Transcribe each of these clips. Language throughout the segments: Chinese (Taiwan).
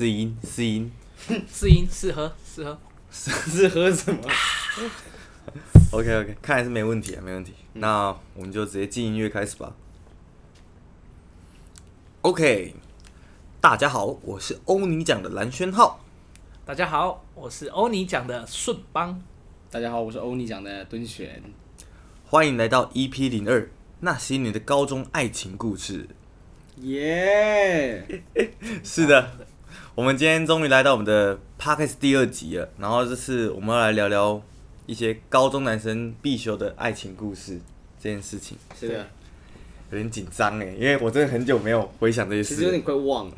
試音，試音，試音，試喝，試喝，試 喝什麼 ？OK，OK，、okay, okay, 看來是沒問題啊，沒問題。嗯、那我們就直接進音樂開始吧。OK，大家好，我是歐尼醬的藍軒浩。大家好，我是歐尼醬的順邦。大家好，我是歐尼醬的敦玄。歡迎來到 EP 零二，那些年的高中愛情故事。耶、yeah， 是的。 我們今天終於來到我們的 podcast 第二集了，然後這次我們要來聊聊一些高中男生必修的愛情故事這件事情。是的，有點緊張哎、欸，因為我真的很久沒有回想這些事情，有點快忘了。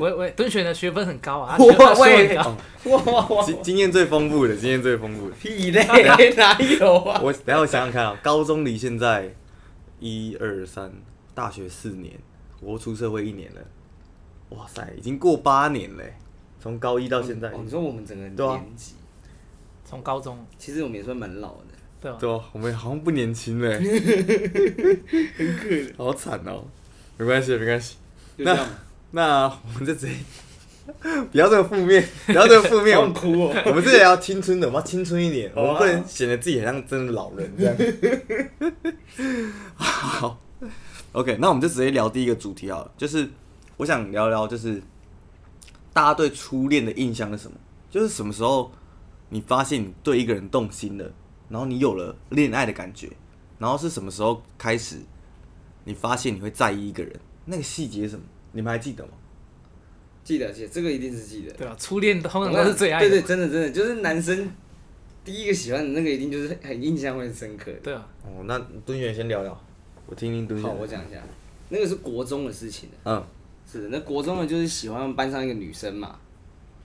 我我敦雪的學分很高啊，我啊學分高我、哦、我我經經驗最豐富的，經驗最豐富的，屁嘞、啊，哪有啊？我等下我想想看啊， 高中離現在一二三，大學四年，我出社會一年了。哇塞，已經過八年了，從高一到現在、哦。你說我們整個年級從、啊、高中，其實我們也算蠻老的。對哦、啊啊，我們好像不年輕嘞，很可憐，好慘哦、喔。沒關係，沒關係。那那我們就直接 不要這個負面，不要這個負面， 我哭哦。我們是要青春的， 我們要青春一點， 我們不能顯得自己好像真的老人這樣。 好，好，OK，那我們就直接聊第一個主題好了，就是。我想聊聊，就是大家對初戀的印象是什麼？就是什麼時候你發現你對一個人動心了，然後你有了戀愛的感覺，然後是什麼時候開始你發現你會在意一個人？那個細節是什麼？你們還記得嗎？記得，記得，這個一定是記得。對啊，初戀通常都是最愛的。嗯、對，對對，真的真的，就是男生第一個喜歡的那個，一定就是很印象會很深刻的。對啊。哦，那蹲遠，先聊聊，我聽聽蹲遠。好，我講一下，那個是國中的事情。嗯。是的，那國中呢，就是喜歡班上一個女生嘛。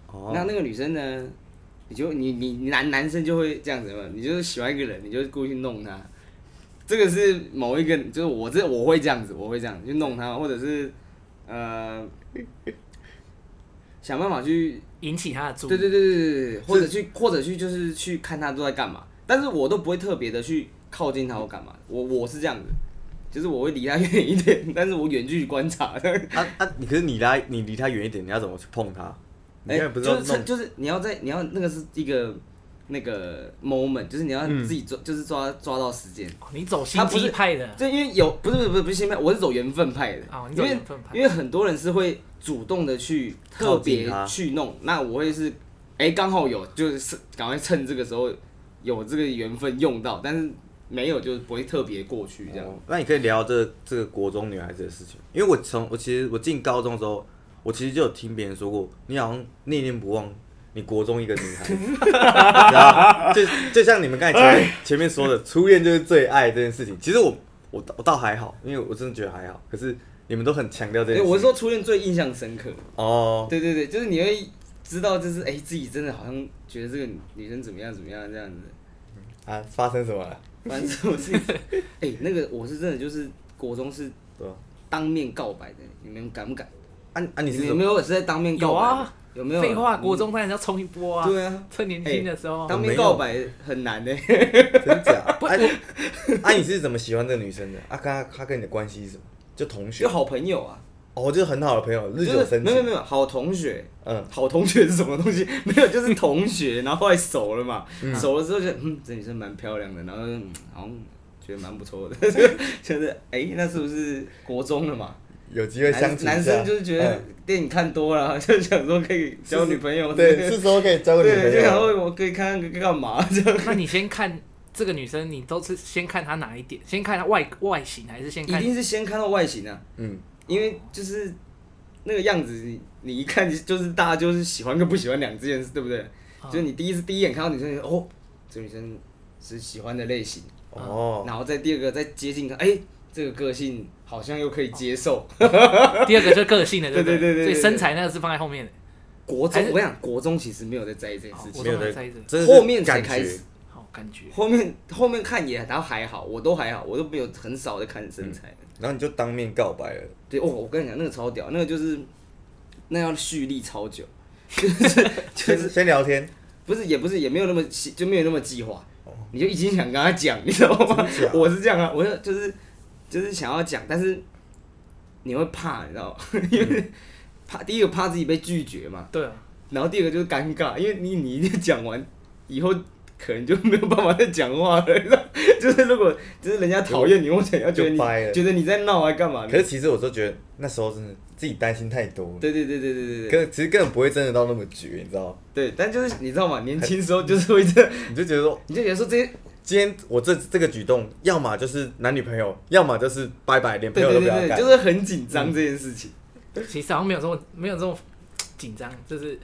哦、oh.。那那個女生呢，你就你你，你男男生就會這樣子嘛，你就是喜歡一個人，你就故意去弄她。Mm -hmm. 這個是某一個人，就是我這我，我會這樣子，我會這樣去弄她，或者是呃 想辦法去引起她的注意。對對對對對，或者去或者去就是去看她都在幹嘛，但是我都不會特別的去靠近她或幹嘛，嗯、我我是這樣子。就是我會離他遠一點，但是我遠距離觀察。他他你可是你拉你離他遠一點，你要怎麼去碰他？哎、欸，不、就是，就是你要在你要那個是一個那個 moment，就是你要自己抓，嗯、就是抓抓到時間。你走心機派的？對，就因為有不是不是不是心派，我是走緣分派的。哦、你走緣分派，因為因為很多人是會主動的去特別去弄，那我會是哎欸、剛好有就是趕快趁這個時候有這個緣分用到，但是。沒有，就是不會特別過去這樣、哦。那你可以聊這個、這個國中女孩子的事情，因為我從我其實我進高中的時候，我其實就有聽別人說過，你好像念念不忘你國中一個女孩子， 然後就就像你們剛才前面、哎、前面說的，初戀就是最愛的這件事情。其實我我我倒還好，因為我真的覺得還好。可是你們都很強調這件事情。我是說初戀最印象深刻哦，對對對，就是你會知道，就是哎、欸，自己真的好像覺得這個女生怎麼樣怎麼樣這樣子、嗯、啊，發生什麼了？反正我是，哎，那個我是真的，就是國中是當面告白的，你們敢不敢？啊啊你，你是有沒有是在當面告白有啊？有沒有廢話？國中當然要衝一波啊！對啊，趁年輕的時候、欸。當面告白很難的、欸， 真假、啊啊。啊，你是怎麼喜歡這個女生的？啊，她她跟你的關係是什麼？就同學，就好朋友啊。哦，就是很好的朋友，日久生氣。沒、就、有、是、沒有沒有，好同學。嗯，好同學是什麼東西？沒有，就是同學， 然後後來熟了嘛。嗯啊、熟了之後就，嗯，這女生蠻漂亮的，然後然後、嗯、覺得蠻不錯的。就 是，哎、欸，那是不是國中的嘛？有機會相親。男生就是覺得電影看多了、嗯，就想說可以交女朋友。對， 對，是說可以交個女朋友。然後我可以看看幹嘛？那你先看這個女生，你都是先看她哪一點？先看她外外形，還是先？一定是先看到外形啊。嗯。因為就是那個樣子你，你你一看就是大家就是喜歡跟不喜歡兩件事，對不對？Oh. 就是你第一次第一眼看到女生，哦，這女生是喜歡的類型哦，oh. 然後再第二個再接近她，哎，這個個性好像又可以接受。Oh. 第二個是個性的，對對對，對對對對，所以身材那個是放在後面的。國中，我跟你講國中其實沒有在在意這件事情，沒有在意，真的後面才開始。好，感覺後面後面看也，然後還好，我都還好，我都沒有很少的看身材。嗯然後你就當面告白了，對哦。我跟你講，那個超屌，那個就是那個、要蓄力超久， 就是、就是、先聊天，不是也不是也沒有那麼就沒有那麼計劃、哦，你就一心想跟他講，你知道嗎？我是這樣啊，我就就是就是想要講，但是你會怕，你知道嗎？因為、嗯、怕第一個怕自己被拒絕嘛，對、啊、然後第二個就是尷尬，因為你你講完以後，可能就沒有辦法再講話了，你知道。就是如果就是人家討厭你、嗯，我想要就掰了，覺得你在鬧啊幹嘛？可是其實我都覺得那時候真的自己擔心太多。對對對對對對。跟其實根本不會真的到那麼絕，對對對對你知道對，但就是你知道嗎？年輕時候就是會這，你就覺得說，你就覺得說，今、嗯、天今天我這這個舉動，要麼就是男女朋友，要麼就是拜拜，連朋友對對對對都不要幹，就是很緊張這件事情。嗯、其實好像沒有這麼沒有這麼緊張，就是。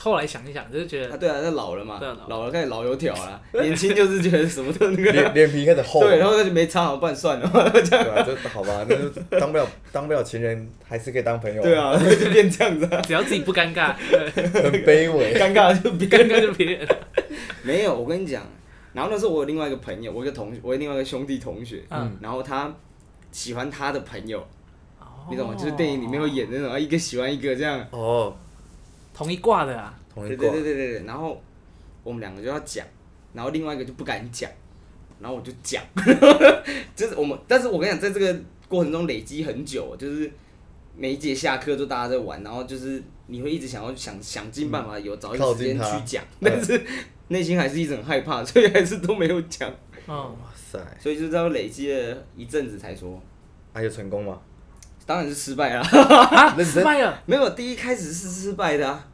後來想一想，就是覺得、啊，對啊，那老了嘛，啊、老了開始老油條了有。 年輕就是覺得什麼都那個臉 皮開始厚，對，然後他就沒差好辦算了，這、 啊、好吧。那就當不了 當不了情人，還是可以當朋友、啊。對啊，就變這樣子、啊。 只要自己不尷尬，很卑微，尷 尬就別尷尬， 尬就別。沒有，我跟你講，然後那時候我有另外一個朋友，我一個同學，我另外一個兄弟同學、嗯，然後他喜歡他的朋友，嗯、你懂嗎？就是電影裡面會演那種、oh. 啊，一個喜歡一個這樣哦。Oh. 同一掛的啊，同一掛，對對對，對對對，然後我們兩個就要講，然後另外一個就不敢講，然後我就講，呵呵就是我們，但是我跟你講，在這個過程中累積很久，就是每一節下課都大家在玩，然後就是你會一直想要想想盡辦法有，有、嗯、找一時間去講，但是內心還是一直很害怕，所以還是都沒有講。哇塞、嗯！所以就這樣累積了一陣子才說，那、啊、有成功嗎？當然是失敗了，啊，失敗了。 沒有，第一開始是失敗的啊。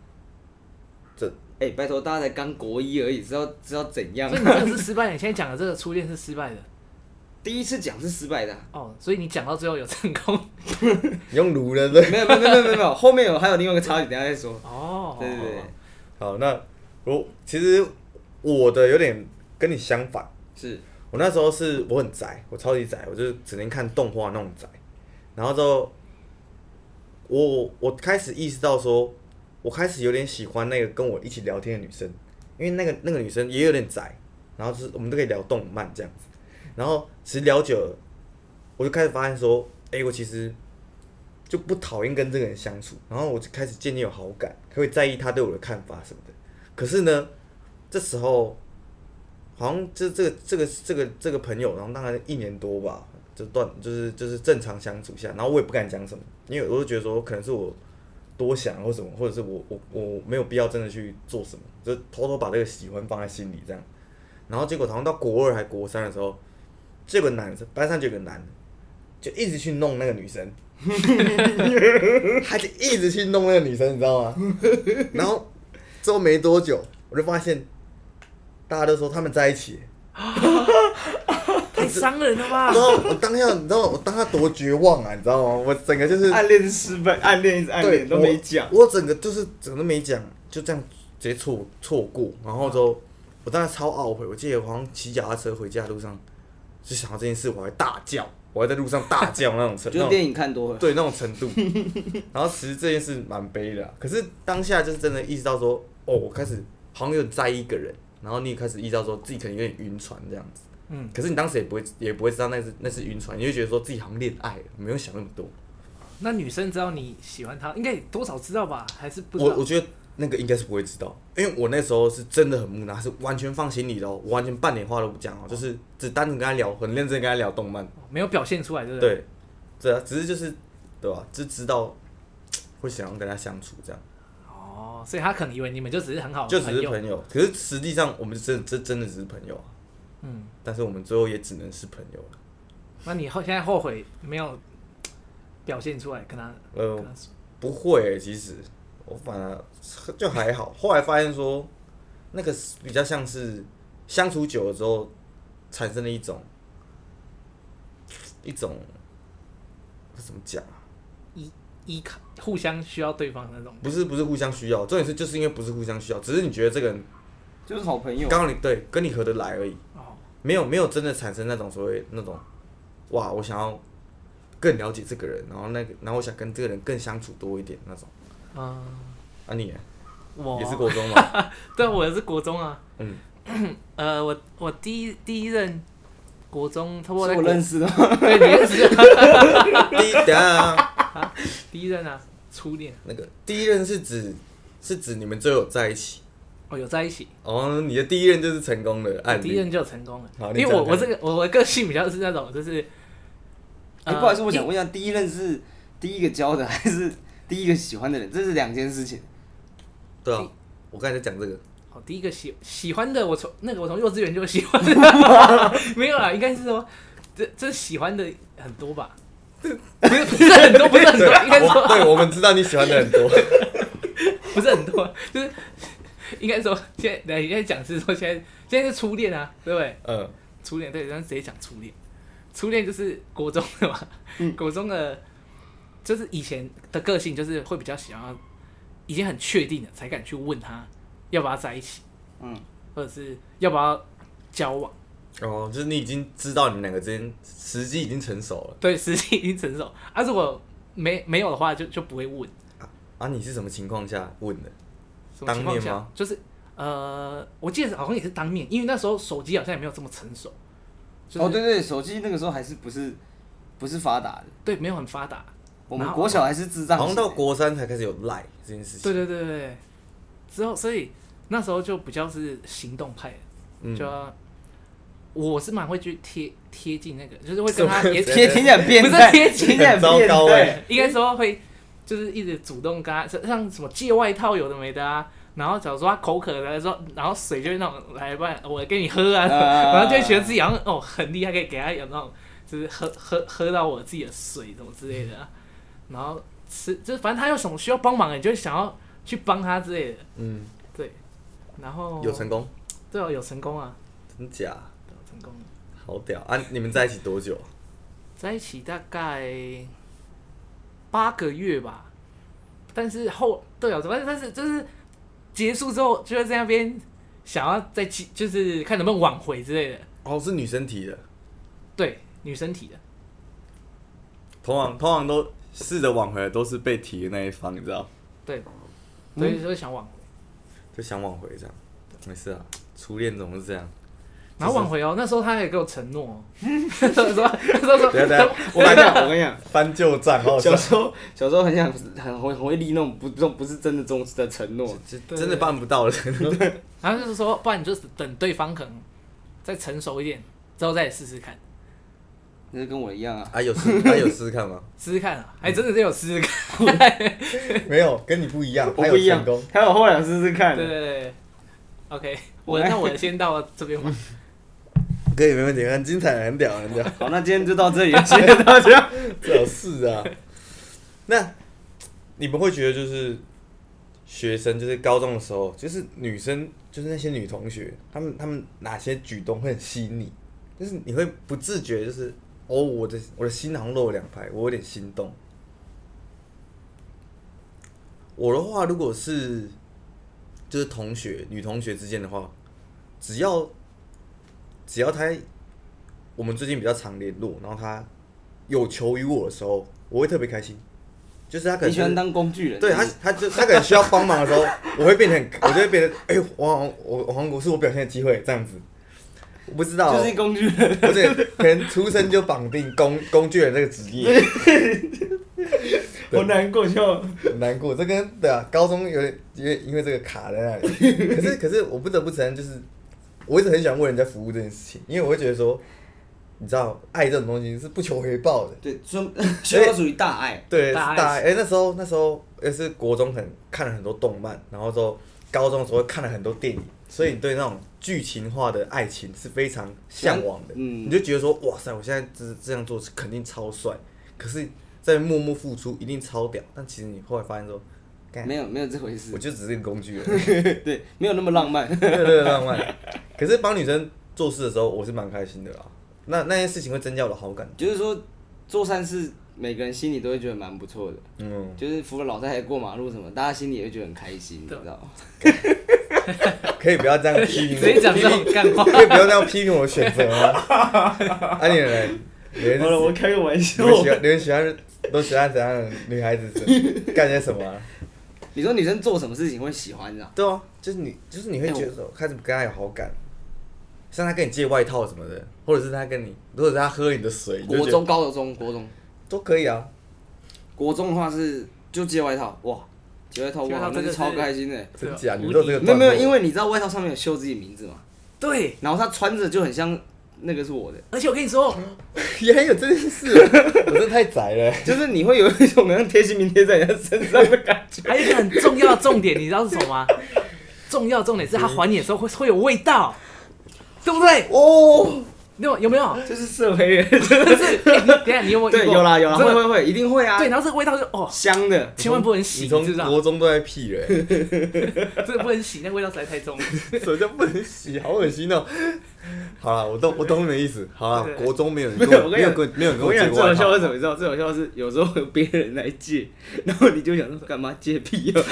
這哎、欸，拜託大家才剛國一而已，知道知道怎樣，啊？所以你就是失敗。你現在講的這個初戀是失敗的，第一次講是失敗的， 失敗的，啊。哦，所以你講到最後有成功， 用盧了的。 沒有沒有沒有沒有沒有，後面有還有另外一個插曲，等下再說。哦，對對對，好，那我其實我的有點跟你相反，是我那時候是我很宅，我超級宅，我就只能看動畫那種宅。然後就，我我我開始意識到說，我開始有點喜歡那個跟我一起聊天的女生，因為那個那個女生也有點宅，然後是，我們都可以聊動漫這樣子，然後其實聊久了，我就開始發現說，哎、欸，我其實就不討厭跟這個人相處，然後我就開始漸漸有好感，會在意他對我的看法什麼的。可是呢，這時候，好像這這個這個這個這個朋友，然後大概一年多吧。就斷，就是就是正常相處下，然後我也不敢講什麼，因為我就覺得說可能是我多想或什麼，或者是我我我沒有必要真的去做什麼，就偷偷把這個喜歡放在心裡這樣。然後結果好像到國二還國三的時候，這個男生班上就有個男的就一直去弄那個女生，他 就一直去弄那個女生，你知道嗎？然後之後沒多久，我就發現大家都說他們在一起。 傷人的、啊、吧！然後我當下，你知道我當下多絕望啊，你知道嗎？我整個就是暗戀是失敗，暗戀一直暗戀對都沒講我。我整個就是整個沒講，就這樣直接錯錯過。然後之後我當時超懊悔，我記得我好像騎腳踏車回家的路上，就想到這件事，我還大叫，我還在路上大叫 那種程度。覺、就、得、是、電影看多了。對，那種程度。然後其實這件事蠻悲的、啊，可是當下就是真的意識到說，哦，我開始好像有在意一個人，然後你也開始意識到說自己可能有點暈船這樣子。嗯，可是你當時也不會，也不會知道那是那是暈船，你就會覺得說自己好像戀愛，沒有想那麼多。那女生知道你喜歡她，應該多少知道吧？還是不知道？我我覺得那個應該是不會知道，因為我那時候是真的很木訥，是完全放心你的、哦，我完全半點話都不講哦，就是只單純跟她聊，很認真跟她聊動漫、哦，沒有表現出來，對不對？對，只是就是對吧、啊？就知道會想要跟她相處這樣。哦，所以他可能以為你們就只是很好的，就只是朋友。可是實際上，我們真真真的只是朋友啊。嗯，但是我們最後也只能是朋友了。嗯。那你後現在後悔沒有表現出來跟他？呃，不會、欸，其實我反而就還好。 後來發現說，那個比較像是相處久了之後產生了一種一種怎麼講啊？依依靠互相需要對方的那種？不是不是互相需要，重點是就是因為不是互相需要，只是你覺得這個人就是好朋友、啊，剛好你對跟你合得來而已。沒有，沒有真的產生那種所謂那種，哇！我想要更了解這個人，然後那個，然後我想跟這個人更相處多一點那種。啊、呃。啊你也是國中嗎？ 對，我也是國中啊。嗯。 呃，我我第一第一任國中，差不多。是我認識的嗎？對，你認識。 第一，第一任啊。第一任啊。初戀、啊。那個第一任是指是指你們最後在一起哦、oh,，有在一起。哦、oh,，你的第一任就是成功的，哎、oh,，第一任就成功了，因為我我這個我我個性比較是那種就是，你、欸呃、不好意思，我想問一下第一任是第一個交的還是第一個喜歡的人，這是兩件事情。對、啊、我剛才講這個。哦、oh,，第一個喜喜歡,、那個、喜歡的，我從那個我從幼稚園就喜歡，沒有啦，應該是說這這喜歡的很多吧 不是不是？不是很多，不是很多， 應該說，對，我們知道你喜歡的很多， 不是很多，就是。應該說，現在應該講是說現在現在是初戀啊，對不對？嗯。初戀對，然直接講初戀，初戀就是國中的嘛嗯。國中的就是以前的個性就是會比較想要，已經很確定了才敢去問他要不要在一起，嗯，或者是要不要交往。哦，就是你已經知道你們兩個之間時機已經成熟了。對，時機已經成熟。啊，如果沒沒有的話就，就就不會問啊。啊，你是什麼情況下問的？當面嗎？就是呃，我記得好像也是當面，因為那時候手機好像也沒有這麼成熟。就是、哦，對對、對，手機那個時候還是不是不是發達的，對，沒有很發達。我們國小還是智障，好像到國三才開始有賴這件事情。對對對對，之後所以那時候就比較是行動派，嗯、就、啊、我是蠻會去貼貼近那個，就是會跟他貼貼近兩邊，是不是貼近兩邊很高、欸、應該說會。就是一直主動跟他，像什麼借外套有的沒的啊。然後假如說他口渴了，說，然後水就那種來，不然，我給你喝啊。呃、然後就會覺得自己好像哦，很厲害，可以給他有那種，就是喝喝喝到我自己的水什麼之類的，啊嗯。然後吃，就是反正他有什麼需要幫忙，欸，哎，就想要去幫他之類的。嗯，對。然後有成功？對哦，有成功啊，真假？有、哦、成功。好屌啊！你們在一起多久？ 在一起大概。八個月吧，但是後對啊，怎麼，但是就是結束之後，就會在那邊想要再就是看能不能挽回之類的。哦，是女生提的。對，女生提的。通常通常都試着挽回，都是被提的那一方，你知道？對，所以說想挽回，就想挽回這樣，沒事啊，初戀總是這樣。然後挽回哦、喔，那時候他也給我承諾哦、喔。他 說：“他說說，我跟你講，我跟你講，翻舊賬哦。 我 小時候，小時候很想很很會立那種不種不是真的忠實的承諾，真的辦不到了。”然後就是說，不然你就等對方可能再成熟一點，之後再試試看。那就跟我一樣啊？還、啊、有試，還 有試試看嗎？試試看啊，還、欸、真的是有試試看。嗯、 沒有跟你不一樣還有，我不一樣，還有後來試試看。對對對，對，OK，我，我那我先到這邊吧。 可以，沒問題，很精彩，很屌，很屌。 好。那今天就到這裡，謝 謝大家。這是啊， 那你們會覺得就是學生，就是高中的時候，就是女生，就是那些女同學，她們她們哪些舉動會很細膩？就是你會不自覺，就是哦，我的我的心好像漏兩拍，我有點心動。我的話，如果是就是同學，女同學之間的話，只要。只要他，我們最近比較常聯絡，然後他有求於我的時候，我會特別開心。就是他可能你喜歡當工具人，對他，他就他可能需要幫忙的時候， 我會變成，我就會變成，哎、 欸，黃王黃黃國是我表現的機會，這樣子，我不知道，就是工具人，而且可能出生就綁定工 工具人這個職業。 我難過，就難過，這跟對啊，高中有點因為因為這個卡在那裡。可是可是我不得不承認，就是。我一直很想為人家服務這件事情，因為我會覺得說，你知道，愛這種東西是不求回報的。對，所以屬於大愛。 對，大愛，大愛。誒、欸，那時候那時候也是國中很看了很多動漫，然後說高中的時候看了很多電影，所以你對那種劇情化的愛情是非常向往的。嗯，你就覺得說，哇塞，我現在這這樣做是肯定超帥，可是在默默付出一定超屌。但其實你後來發現說。沒有沒有這回事，我就只是個工具而已。對，沒有那麼浪漫。對對，浪漫。可是幫女生做事的時候，我是蠻開心的啊。那那些事情會增加我的好感。就是說，做善事，每個人心裡都會覺得蠻不錯的。嗯。就是扶老太太過馬路什麼，大家心裡也會覺得很開心，你知道嗎？可以不要這樣批評我，可以不要這樣批評我選擇嗎？安我開個玩笑。你們喜歡，喜歡都喜歡怎樣女孩子幹些什麼？你說女生做什麼事情會喜歡的？對哦、啊，就是你，就是你會覺得開始跟他有好感，欸、像他跟你借外套什麼的，或者是他跟你，或者是他喝你的水。國中、高、的中、國中都可以啊。國中的話是就借外套，哇，借外套哇，那就超開心的、欸。真假的？你說這個，沒有沒有，因為你知道外套上面有繡自己名字嘛。對。然後他穿着就很像。那個是我的，而且我跟你說，也很有真事。 我是太宅了，就是你會有一種像貼心明貼在人家身上的感覺。還有一個很重要的重點，你知道是什麼嗎？重要重點是，他還你的時候會、嗯、會有味道，對不對？哦，有，有沒有？就是色黑，人。的 是。欸、你等下你有沒有？對，有啦有啦，真的會會會，一定會啊。對，然後這個味道就哦，香的，千萬不能洗，你知道嗎？國中都在屁人，這 不能洗，那味道實在太重了，所 以 不能洗，好噁心哦。好了，我懂，我懂你的意思。好了，國中沒有人沒有沒有，沒有過過我跟我借過。最搞笑是什麼？你知道最搞笑是有時候別人來借，然後你就想說幹嘛借屁呀、喔？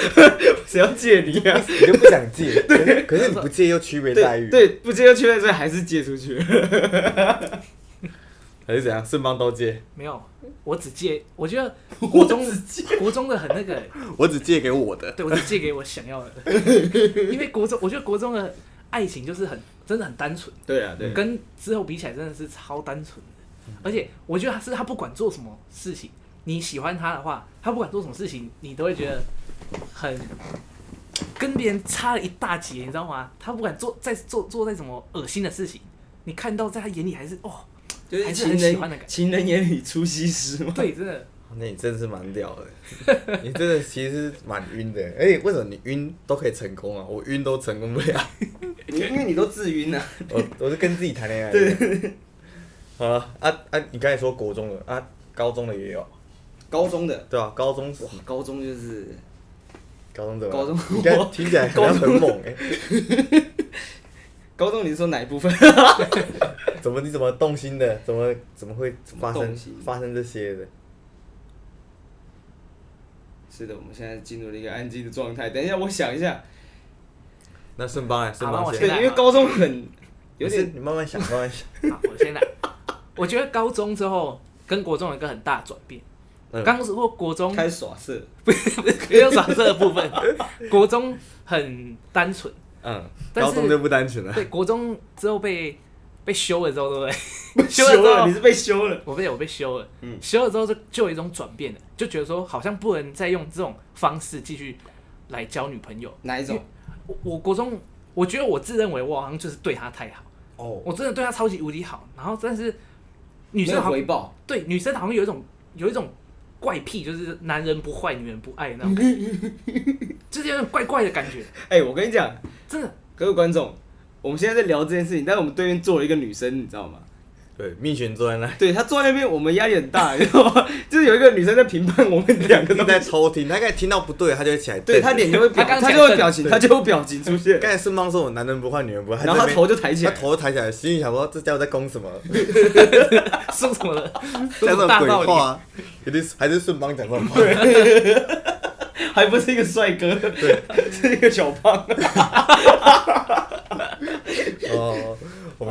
誰 要借你呀、啊？你就不想借。可是你不借又區別待遇。對，不借又區別待遇，所以還是借出去。 還是怎樣？雙方都借？沒有，我只借。我覺得國中只借 國中的很那個。我只借給我的，對我只借給我想要的。 因為國中，我覺得國中的愛情就是很。真的很單純，對啊，對，跟之後比起來真的是超單純的，嗯，而且我覺得他是他不管做什麼事情，你喜歡他的話，他不管做什麼事情，你都會覺得很跟別人差了一大截，你知道嗎？他不管做在做做再怎麼噁心的事情，你看到在他眼裡還是哦，就是很喜歡的感覺，情人眼裡出西施嘛， 對，真的。那你真是蠻屌的，你真的其實蠻暈的、欸。哎、欸，為什麼你暈都可以成功啊？我暈都成功不了。你因為你都自暈了、啊。我我是跟自己談戀愛的。對。好了啊啊啊！你剛才說國中的啊，高中的也有。高中的。對啊，高中是高中就是。高中怎麼？高中。你剛聽起來高中很猛哎、欸。高中，高中你是說哪一部分？ 怎麼？你怎麼動心的？怎麼怎麼會發生發生這些的？是的，我們現在進入了一個安靜的狀態。等一下，我想一下。那順邦哎，順邦先、啊、我來，因為高中很有點，有點，你慢慢想，慢慢想。好、啊，我先來。 我覺得高中之後跟國中有一個很大的轉變。剛如果國中開始耍色，不 不用耍色的部分， 國中很單純。嗯，但是。高中就不單純了。對，國中之後被。被修了之後，對不對？ 修了之後， 你是被修了。我被我被修了。嗯，修了之後就就有一種轉變了，就覺得說好像不能再用這種方式繼續來交女朋友。哪一種？我，我國中，我覺得我自認為我好像就是對她太好。哦、oh.，我真的對她超級無敵好，然後但是女生好回報，對女生好像有一種有一種怪癖，就是男人不壞，女人不愛那種感覺， 就是有點怪怪的感覺。哎、 欸，我跟你講，真的，各位觀眾。我們現在在聊這件事情，但是我們對面坐了一個女生，你知道嗎？對，命懸坐在那，對他坐在那邊，我們壓力很大， 你知道嗎？就是有一個女生在評判我們兩個都。都在偷聽，他可能聽到不對，他就會起來對。對他臉就會表他，他就會表情，他會表情，他就會表情出現。剛才順邦說：“我男人不壞，女人不愛。”然後他頭就抬起來，他頭就抬起來， 起來心裡想說：“這家伙在攻什麼？說 什麼了？講鬼話？肯 定 還是順邦講過話。” 還不是一個帥哥，對， 是一個小胖。 哦。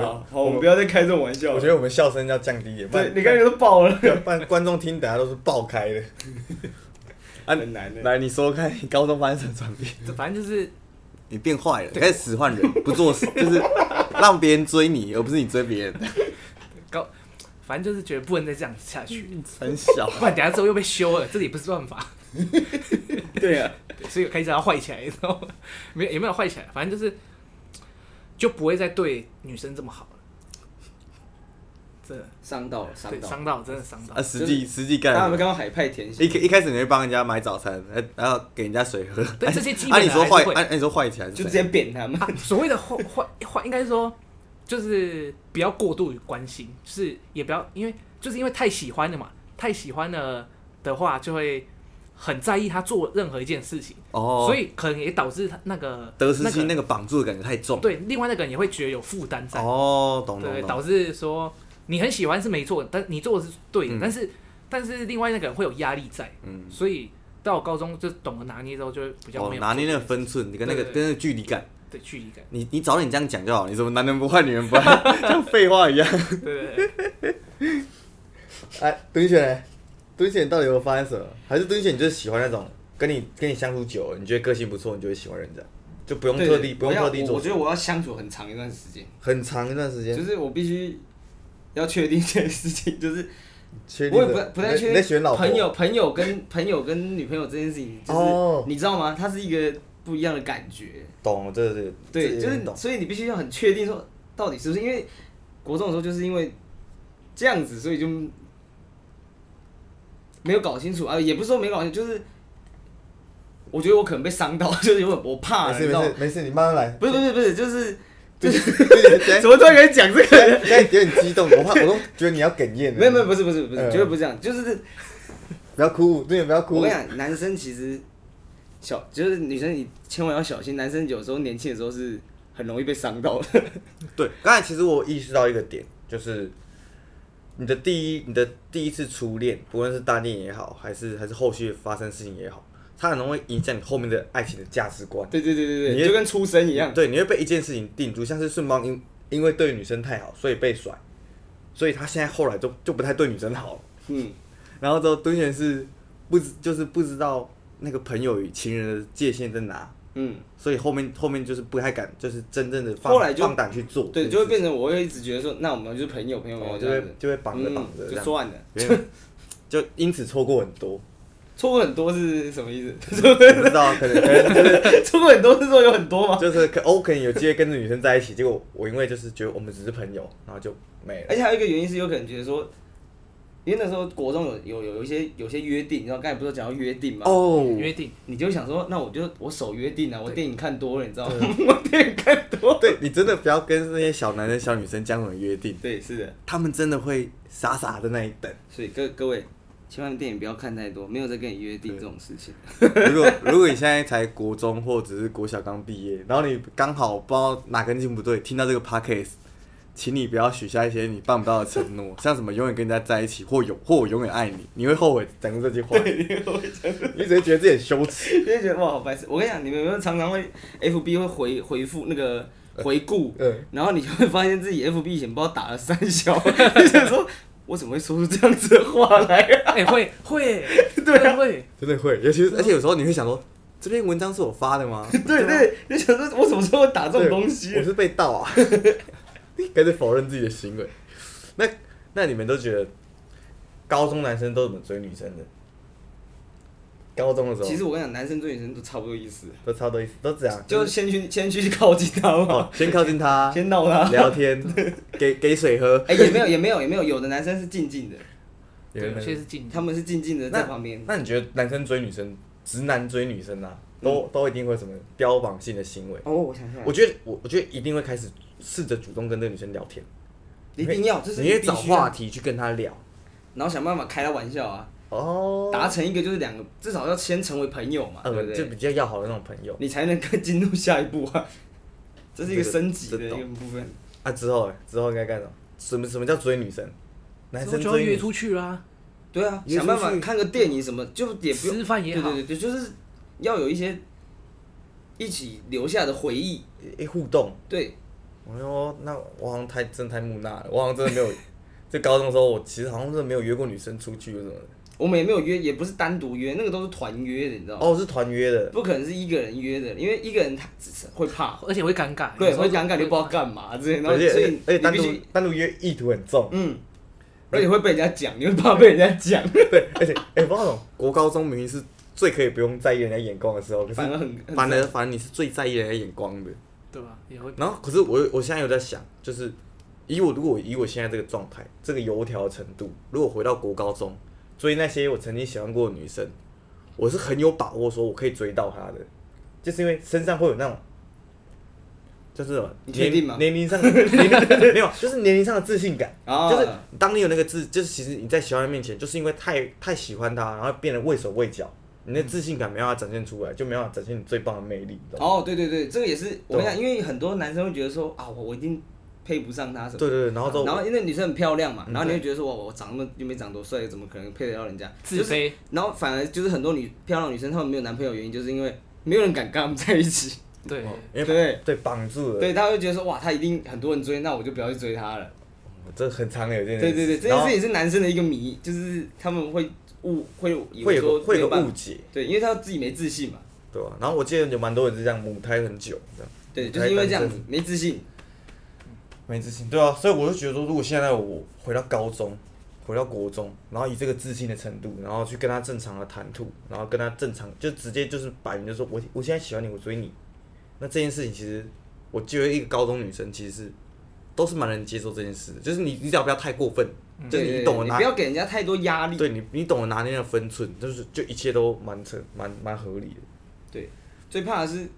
好，好，我們不要再開這種玩笑。我覺得我們笑聲要降低一點。對，不然你剛才都爆了，觀眾聽等下都是爆開的。來、 啊，來，你說說看，高中發生什麼轉變？反正就是你變壞了，你開始使喚人，不做死就是讓別人追你， 而不是你追別人。高，反正就是覺得不能再這樣子下去，很小，啊，不然等下之後又被修了，這裡不是辦法。 對啊，對所以我開始要壞起來，知道嗎？沒有，也沒有壞起來，反正就是。就不會再對女生這麼好了，這傷到了，傷到，傷到，真的傷到。啊，實際實際幹，剛剛海派甜心一開一開始你會幫人家買早餐，然後給人家水喝。對這些，按你說壞，按按你說壞起來，就直接扁他們。所謂的壞壞壞，應該是說，就是不要過度關心，是也不要，因為就是因為太喜歡了嘛，太喜歡了的話就會。很在意他做任何一件事情，哦、oh，所以可能也導致他那個德斯基那個綁住的感覺太重。對，另外那個人也會覺得有負擔在，那個。哦、oh，懂懂。對，導致說你很喜歡是沒錯，但你做的是對的，嗯、但是但是另外那個人會有壓力在。嗯。所以到高中就懂得拿捏之後，就會比較沒有的、哦、拿捏那個分寸，你跟那個對對對對跟那個距離感，對，對距離感。你你早點這樣講就好了，你怎麼男人不壞女 人不愛，像廢話一樣。 對。 哎，冬雪。蹲姐，你到底有沒有發生什麼？還是蹲姐，你就是喜歡那種跟你跟你相處久了，你覺得個性不錯，你就會喜歡人家，就不用特地對對對，不用特地做。我我覺得我要相處很長一段時間。很長一段時間。就是我必須要確定一件事情，就是我也不不太確定朋友選老。朋友朋友跟朋友跟女朋友這件事情，就是、哦、你知道嗎？它是一個不一樣的感覺。懂，對對對。對懂，就是所以你必須要很確定說，到底是不是因為國中的時候就是因為這樣子，所以就。沒有搞清楚啊，也不是說沒搞清楚，就是我覺得我可能被傷到，就是因為我怕，是不是？沒事，你慢慢來。不是不是不是，就是就是，怎 麼突然可以講這個？有點激動，我怕，我都覺得你要哽咽、啊、沒有沒有，不是不是不是、呃，絕對不是這樣，就是不要哭，對，不要哭。我跟你講，男生其實小，就是女生你千萬要小心，男生有時候年輕的時候是很容易被傷到的。對，剛才其實我意識到一個點，就是。你的第一，你的第一次初戀，不論是大戀也好，還是還是後續發生事情也好，它很容易影響你後面的愛情的價值觀。對對對對你，你就跟出生一樣。對，你會被一件事情定住，像是順幫因因為對女生太好，所以被甩，所以他現在後來就就不太對女生好。嗯，然後後蹲全是不就是不知道那個朋友與情人的界限在哪。嗯，所以後面後面就是不太敢，就是真正的放後來，就放膽去做，對，就會變成我會一直覺得說，那我們就是朋友，朋友、朋友、哦、就會就會綁着綁着就算了就，就因此錯過很多，錯過很多是什麼意思？嗯、不知道，可能錯、就是、 過很多是說有很多嗎？就是可 O、哦、可能有機會跟着女生在一起，結果我因為就是覺得我們只是朋友，然後就沒了。而且還有一個原因是，有可能覺得說。因為那時候國中有有有一些有一些約定，你知道剛才不是講到約定嘛？哦、oh,，約定，你就想說，那我就我守約定啊，我電影看多了，你知道嗎？我電影看多了對，對，你真的不要跟那些小男生小女生講我的約定。對，是的，他們真的會傻傻的那一等。所以各各位，千萬電影不要看太多，沒有在跟你約定這種事情。如果如果你現在才國中或者是國小剛畢業，然後你剛好不知道哪根筋不對，聽到這個 podcast 請你不要許下一些你辦不到的承諾， 像什麼永遠跟人家在一起，或有或我永遠愛你，你會後悔講過這句話。 你會後悔。你只會覺得自己很羞恥，你 會覺得哇好白痴。我跟你講，你們有沒有常常會 FB 會回回復那個回顧、嗯嗯，然後你就會發現自己 FB 以前不知道打了三小， 就想說，我怎麼會說出這樣子的話來、啊？哎、 欸，會會、欸， 對、啊、會，真的會，尤其是 而且有時候你會想說，這篇文章是我發的嗎？ 對，對對， 你想說，我什麼時候會打這種東西、欸對？我是被盜啊。 開始否認自己的行為，那那你們都覺得，高中男生都怎麼追女生的？高中的時候，其實我跟你講，男生追女生都差不多意思，都差不多意思，都這樣，就先去先去靠近他嘛，哦、先靠近他，先鬧他，聊天， 給給水喝，哎、欸，也沒有也沒有也沒有，有的男生是靜靜的， 有的卻是靜他們是靜靜的在旁邊。那你覺得男生追女生，直男追女生啊，都、嗯、都一定會什麼標榜性的行為？哦，我想起來我覺得我我覺得一定會開始。試着主動跟那個女生聊天，一定要這是你也找話題去跟她聊，然後想辦法開個玩笑啊，哦，達成一個就是兩個至少要先成為朋友嘛，對不對？就比較要好的那種朋友，你才能更進入下一步啊。這是一個升級的一個部分。啊，之後、欸、之後應該幹什麼？什麼什麼叫追女生？男生追出去啦，對啊，想辦法看個電影什麼，就也不吃飯也好，對對對，就是要有一些一起留下的回憶，互動對。我、哎、說，那我好像太真太木訥了，我好像真的沒有。在 高中的時候，我其實好像真的沒有約過女生出去，或者。我們也沒有約，也不是單獨約，那個都是團約的，你知道嗎？哦，是團約的。不可能是一個人約的，因為一個人他只會怕，而且會尷尬。對，會尷尬，又不知道幹嘛之類的。而且，而且單獨單獨約意圖很重。嗯。而且會被人家講，因為怕被人家講。 對，而且哎，我、欸、講國高中明明是最可以不用在意人家眼光的時候，可是反而很很反而你是最在意人家眼光的。對吧、啊？然後可是我，我現在有在想，就是以我如果以我現在這個狀態，這個油條程度，如果回到國高中追那些我曾經喜歡過的女生，我是很有把握說我可以追到她的，就是因為身上會有那種，就是年齡嘛，年齡上的 年齡沒有，就是年齡上的自信感，oh、就是當你有那個自，就是其實你在喜歡的面前，就是因為太太喜歡她，然後變得畏手畏腳。你那自信感沒辦法展現出來，就沒辦法展現你最棒的魅力。哦，對對對，這個也是，我想，因為很多男生會覺得說啊，我我一定配不上她什麼。對對對，然後都，然後因為女生很漂亮嘛，嗯、然後你會覺得說我我長那麼又沒長多帥，怎麼可能配得到人家？自卑、就是。然後反而就是很多女漂亮女生她們沒有男朋友原因，就是因為沒有人敢跟她們在一起。對，哦、因為對，對綁住了。對，她會覺得說哇，她一定很多人追，那我就不要去追她了。哦。這很常有這件事。對對對，這也是男生的一個謎，就是他們會。誤會，會有個會有誤解，對，因為他自己沒自信嘛，對吧、啊？然後我記得有蠻多人是這樣母胎很久這樣，對，就是因為這樣子沒自信，沒自信，對啊，所以我就覺得說，如果現在我回到高中，回到國中，然後以這個自信的程度，然後去跟他正常的談吐，然後跟他正常就直接，就是擺明，就說我我現在喜歡你，我追你，那這件事情其實我記得一個高中女生其實，都是蠻能接受這件事，就是你你只要不要太過分。 就你懂得拿捏，你不要給人家太多壓力。對你，你懂得拿捏的分寸，就是就一切都蠻成，蠻蠻合理的。對，最怕的是，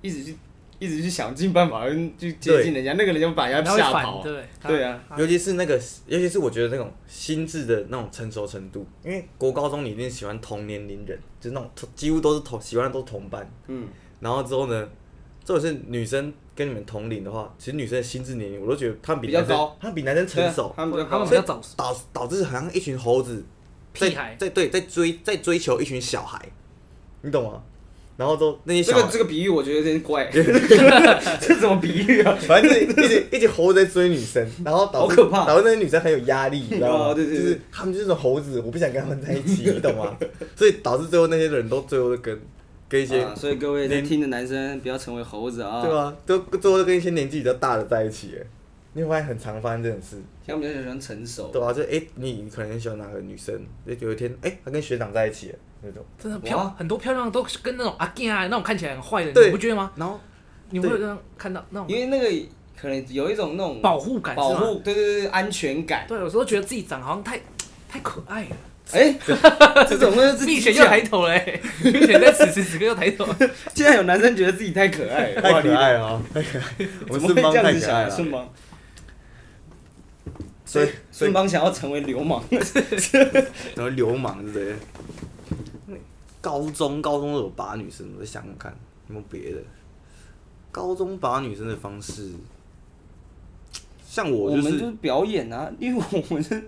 一直去，一直去想盡辦法去接近人家，那個人就把人家嚇跑。對對啊，尤其是那個，尤其是我覺得那種心智的那種成熟程度，因為國高中你一定喜歡同年齡人，就是、那種幾乎都是同喜歡的都是同班。嗯。然後之後呢，特別是女生。跟你們同齡的話，其實女生的心智年齡我都覺得他們比男生較高，他們比男生成熟，他們比較早導導致好像一群猴子屁孩在在對在追在追求一群小孩，你懂嗎？然後都那些小這個這個、比喻我覺得有點怪， 這怎麼比喻啊？反正就是一只一隻猴子在追女生，然後導致好可怕導致那些女生很有壓力，你知道嗎？哦、對對對對，就是他們就是猴子，我不想跟他們在一起，你懂嗎？ 所以導致最後那些人都最後都跟。啊、所以各位年輕的男生不要成為猴子啊！對啊，都都會跟一些年紀比較大的在一起你有發現很常發生這種事。像們較喜歡成熟。對吧、啊？就哎、欸，你可能喜歡哪個女生？有一天哎，她、欸、跟學長在一起那種。真的漂？漂很多漂亮的都是跟那種阿健啊，那種看起來很壞的對，你不覺得嗎？然後你會有看到那種，因為那個可能有一種那種保護感是，保護對對對安全感。對，有時候覺得自己長得好像太太可愛了。哎、欸，這種問題， 蜜雪又抬頭了？ 蜜現在此時此刻又抬頭。竟 然有男生覺得自己太可愛,了太可愛了，太可愛了，太可愛。怎麼會這樣子想？小愛，孫邦。所以孫邦想要成為流氓。什 麼流氓是不對？高中高中有拔女生，我想想看,看有沒有別的。高中拔女生的方式，像我、就是，我們就是表演啊，因為我們是。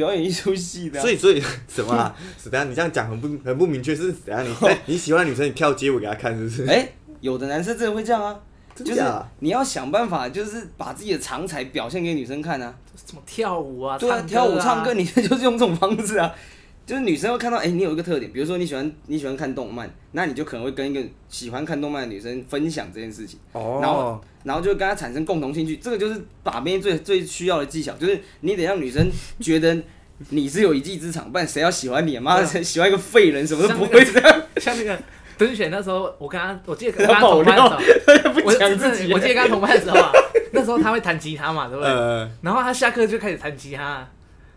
表演一出戲的，啊，所以所以什麼啊？怎樣？你這樣講很不很不明確，是怎樣？你你喜歡女生，你跳街舞給她看，是不是？誒、 欸，有的男生真的會這樣啊，的的就是你要想辦法，就是把自己的長才表現給女生看啊。怎麼跳舞啊？對啊，啊跳舞、唱歌，你就就是用這種方式啊。 就是女生會看到，哎、欸，你有一個特點，比如說你喜歡你喜歡看動漫，那你就可能會跟一個喜歡看動漫的女生分享這件事情，oh. 然後然後就會跟她產生共同興趣。這個就是把妹最最需要的技巧，就是你得讓女生覺得你是有一技之長， 不然誰要喜歡你啊？媽，誰喜歡一個廢人，什麼都不會這樣？像那個甄選、那個、那時候，我跟他,我記得我跟他,他,他我，我記得跟他同班的時候，我記得跟他同班的時候啊，那時候他會彈吉他嘛，對不對？呃、然後他下課就開始彈吉他。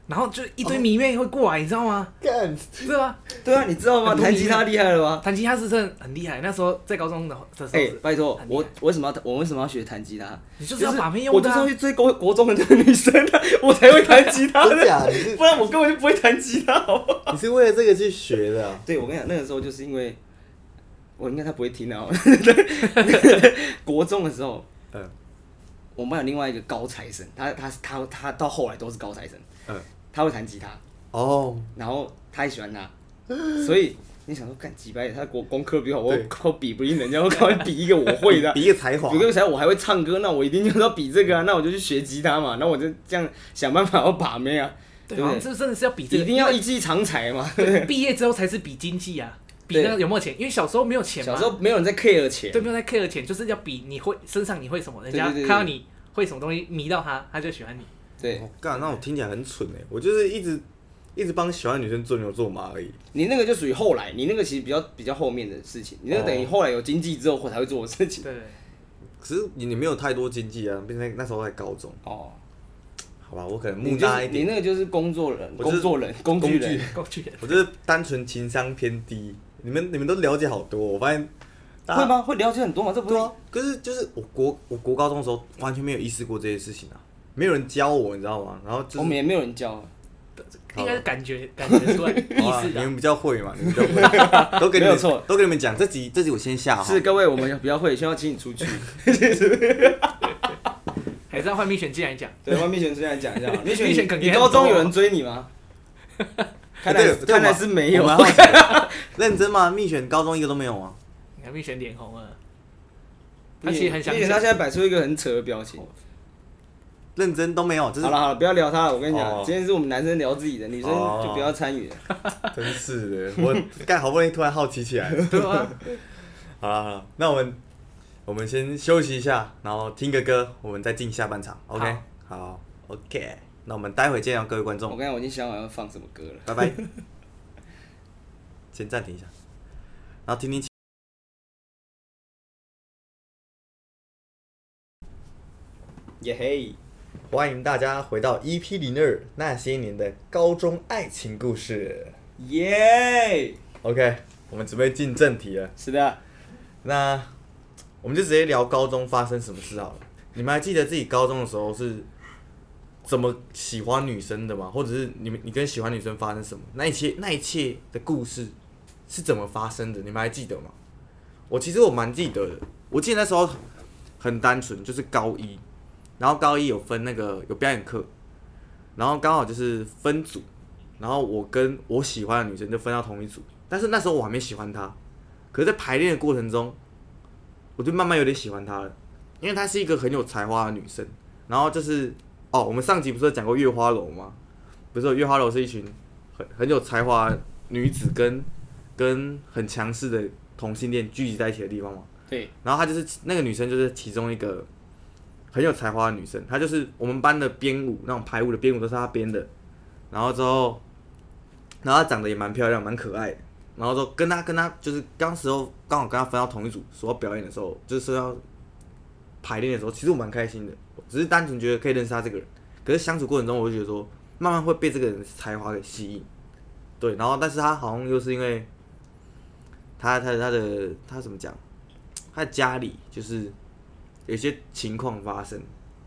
然後就一堆迷妹會過來，哦、你知道嗎？幹，對啊，對啊，你知道嗎？彈吉他厲害了嗎？彈吉他是真的很厲害。那時候在高中的時候，哎、欸，拜托我，我為什麼要我為什麼要學彈吉他？你就，是要啊、就是我就是去追國國中很多女生，啊，我才會彈吉他的。 的，不然我根本就不會彈吉他好不好，好你是為了這個去學的、啊？對，我跟你講，那個時候就是因為，我應該他不會聽到、啊。對， 國中的時候，嗯、我們有另外一個高材生，他他他他到後來都是高材生。嗯，他會彈吉他哦，oh. 然後他也喜歡他， 所以你想說幹幾百？他的國功課比我，我比不贏人家，我比一個我會的， 比一個才華、啊，有一個才、啊、我還會唱歌，那我一定就是要比這個啊，那我就去學吉他嘛，那我就這樣想辦法我把妹啊，對不對、啊？這真的是要比這個。一定要一技長才嘛。畢 業之後才是比經濟啊，比那個有沒有錢？因為小時候沒有錢嘛，小時候沒有人在 care 錢，對，沒有人在 care 錢，就是要比你會身上你會什麼，人家看到你會什麼東西，對對對對，迷到他，他就喜歡你。我幹，oh, God, 那我聽起來很蠢哎！我就是一直一直幫喜歡的女生做牛做馬而已。你那個就屬於後來，你那個其實比較比較後面的事情，你那個等於後來有經濟之後，我才會做的事情。對、對、對。可是你你沒有太多經濟啊，並且那時候在高中。哦、oh. 好吧，我可能木訥一點你，就是。你那個就是工作人，工作人，就是，工具人，工具人。 我就是單純情商偏低。你們你們都了解好多，我發現，啊。會嗎？會了解很多嗎？這不對，啊。可是就是我國我國高中的時候完全沒有意識過這些事情啊。沒有人教我，你知道嗎？然後、就是、我們也沒有人教，應該是感覺感覺出來、 哦、意思、啊。你們比較會嘛？你們比較會， 都給你們錯，都給你們講。這集這集我先下。是各位，我們比較會，先要請你出去。哈哈哈哈哈！還是要換秘選進來講。對，換秘選進來講，一下。蜜選肯定。你高中有人追你嗎？ 欸、看來看來是沒有。 認真嗎？秘選高中一個都沒有啊。你看蜜選臉紅了，他其實很想，想。而且他現在擺出一個很扯的表情。認真都沒有，是好了好了，不要聊他了。我跟你講，oh、今天是我們男生聊自己的，oh、女生就不要參與、oh、真是的， 我幹好不容易突然好奇起來了。 對嗎 好了好了，那我們我們先休息一下，然後聽個歌，我們再進下半場。OK。好。OK。那我們待會兒見，各位觀眾。我剛才我已經想好要放什麼歌了。拜拜。 先暫停一下，然後聽聽。y、yeah, hey。歡迎大家回到 EP02 那些年的高中愛情故事，耶、yeah!！OK，我們準備進正題了。是的，那我們就直接聊高中發生什麼事好了。你們還記得自己高中的時候是怎麼喜歡女生的嗎？或者是你們你跟喜歡女生發生什麼？那一切那一切的故事是怎麼發生的？你們還記得嗎？我其實我蠻記得的，我記得那時候很，很單純，就是高一。然後高一有分那個，有表演課，然後剛好就是分組，然後我跟我喜歡的女生就分到同一組，但是那時候我還沒喜歡她，可是在排練的過程中，我就慢慢有點喜歡她了，因為她是一個很有才華的女生。然後就是哦，我們上集不是講過月花樓嗎？不是，月花樓是一群很很有才華女子跟跟很強勢的同性戀聚集在一起的地方嘛。對。然後她就是那個女生就是其中一個。很有才華的女生，她就是我們班的編舞，那種排舞的編舞都是她編的。然後之後，然後她長得也蠻漂亮，蠻可愛的。然後說跟她，跟她就是剛時候剛好跟她分到同一組，所要表演的時候，就是說要排練的時候，其實我蠻開心的，只是單純覺得可以認識她這個人。可是相處過程中，我就覺得說，慢慢會被這個人的才華給吸引。對，然後，但是她好像又是因為她，她，她的，她怎麼講？她的家裡就是。有些情況發生，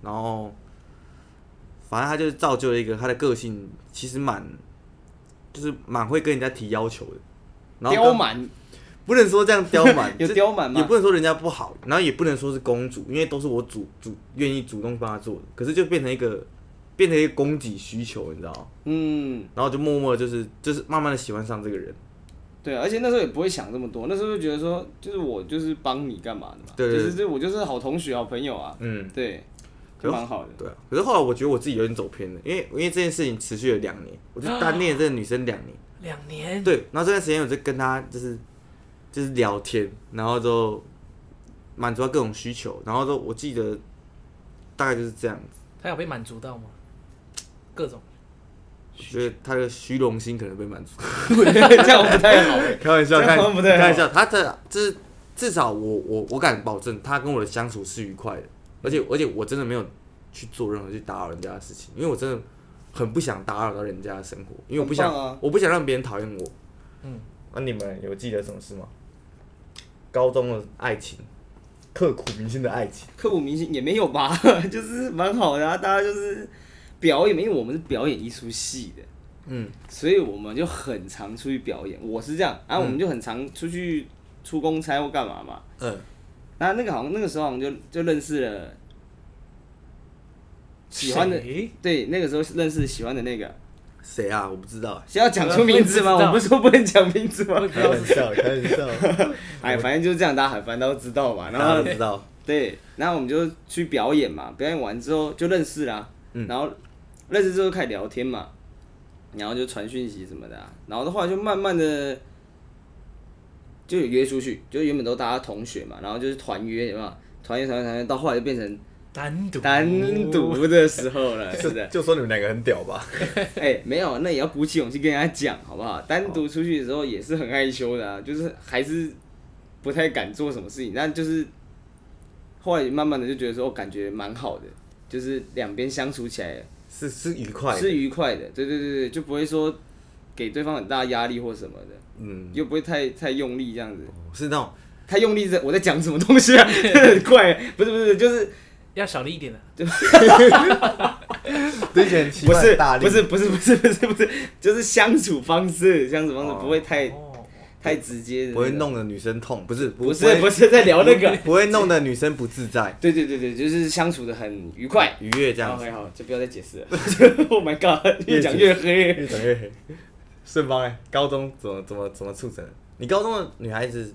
然後，反正他就是造就了一個他的個性，其實蠻，就是蠻會跟人家提要求的，然後剛剛刁蠻，不能說這樣刁蠻， 有刁蠻嗎？也不能說人家不好，然後也不能說是公主，因為都是我主主願意主動幫他做的，可是就變成一個，變成一個供給需求，你知道？嗯，然後就默默的就是就是慢慢的喜歡上這個人。對、啊，而且那時候也不會想這麼多，那時候就覺得說，就是我就是幫你幹嘛的嘛，對對就是我就是好同學、好朋友啊，嗯，對，蠻好的，對啊。可是後來我覺得我自己有點走偏了，因為因為這件事情持續了兩年，我就單戀這個女生兩年、啊，兩年，對。然後這段時間我就跟她就是就是聊天，然後就滿足了各種需求，然後都我記得大概就是這樣子。她有被滿足到嗎？各種。所以他的虛榮心可能被滿足， 這樣不太好 開開開。開玩笑，開玩笑。他這這、就是、至少我我我敢保證，他跟我的相處是愉快的，而且而且我真的沒有去做任何去打擾人家的事情，因為我真的很不想打擾到人家的生活，因為我不想、啊、我不想讓別人討厭我。嗯，那、啊、你們有記得什麼事嗎？高中的愛情，刻骨銘心的愛情，刻骨銘心也沒有吧，就是蠻好的、啊，大家就是。表演嘛，因為我們是表演藝術系的，嗯，所以我們就很常出去表演。我是這樣啊、嗯，我們就很常出去出公差或幹嘛嘛。嗯，那那個好像那個時候，我們就就認識了喜歡的，誒，對，那個時候認識喜歡的那個誰啊？我不知道，誰要講出名字嗎？我不是說不能講名字嗎？開玩笑，開玩笑。 哎，反正就是這樣，大家反正都知道嘛，然後對，然後我們就去表演嘛，表演完之後就認識啦、啊嗯，然後。認識之後就開始聊天嘛，然後就傳訊息什麼的、啊，然後的話就慢慢的就有約出去，就原本都是大家同學嘛，然後就是團約嘛，團約團約團約，約，到後來就變成單獨單獨的時候了， 是的，就說你們兩個很屌吧？哎、 欸，沒有，那也要鼓起勇氣跟人家講，好不好？單獨出去的時候也是很害羞的、啊哦，就是還是不太敢做什麼事情，但就是後來慢慢的就覺得說我、哦、感覺蠻好的，就是兩邊相處起來。是是愉快的，是愉快的，對對對對，就不會說給對方很大壓力或什麼的，嗯，又不會太太用力這樣子，是那種太用力在我在講什麼東西啊，怪， 不是不是，就是要小力一點的，對，不是大力，不是不是不是不是不是，就是相處方式，相處方式不會太。哦太直接的不會弄得女生痛，不是不是不，不是在聊那個，不會弄得女生不自在。對 對對對，就是相處的很愉快愉悅這樣、oh, okay。好，就不要再解釋了。 oh my god，越講越黑，越講越，越黑。順便哎，高中怎麼怎麼怎麼促成？你高中的女孩子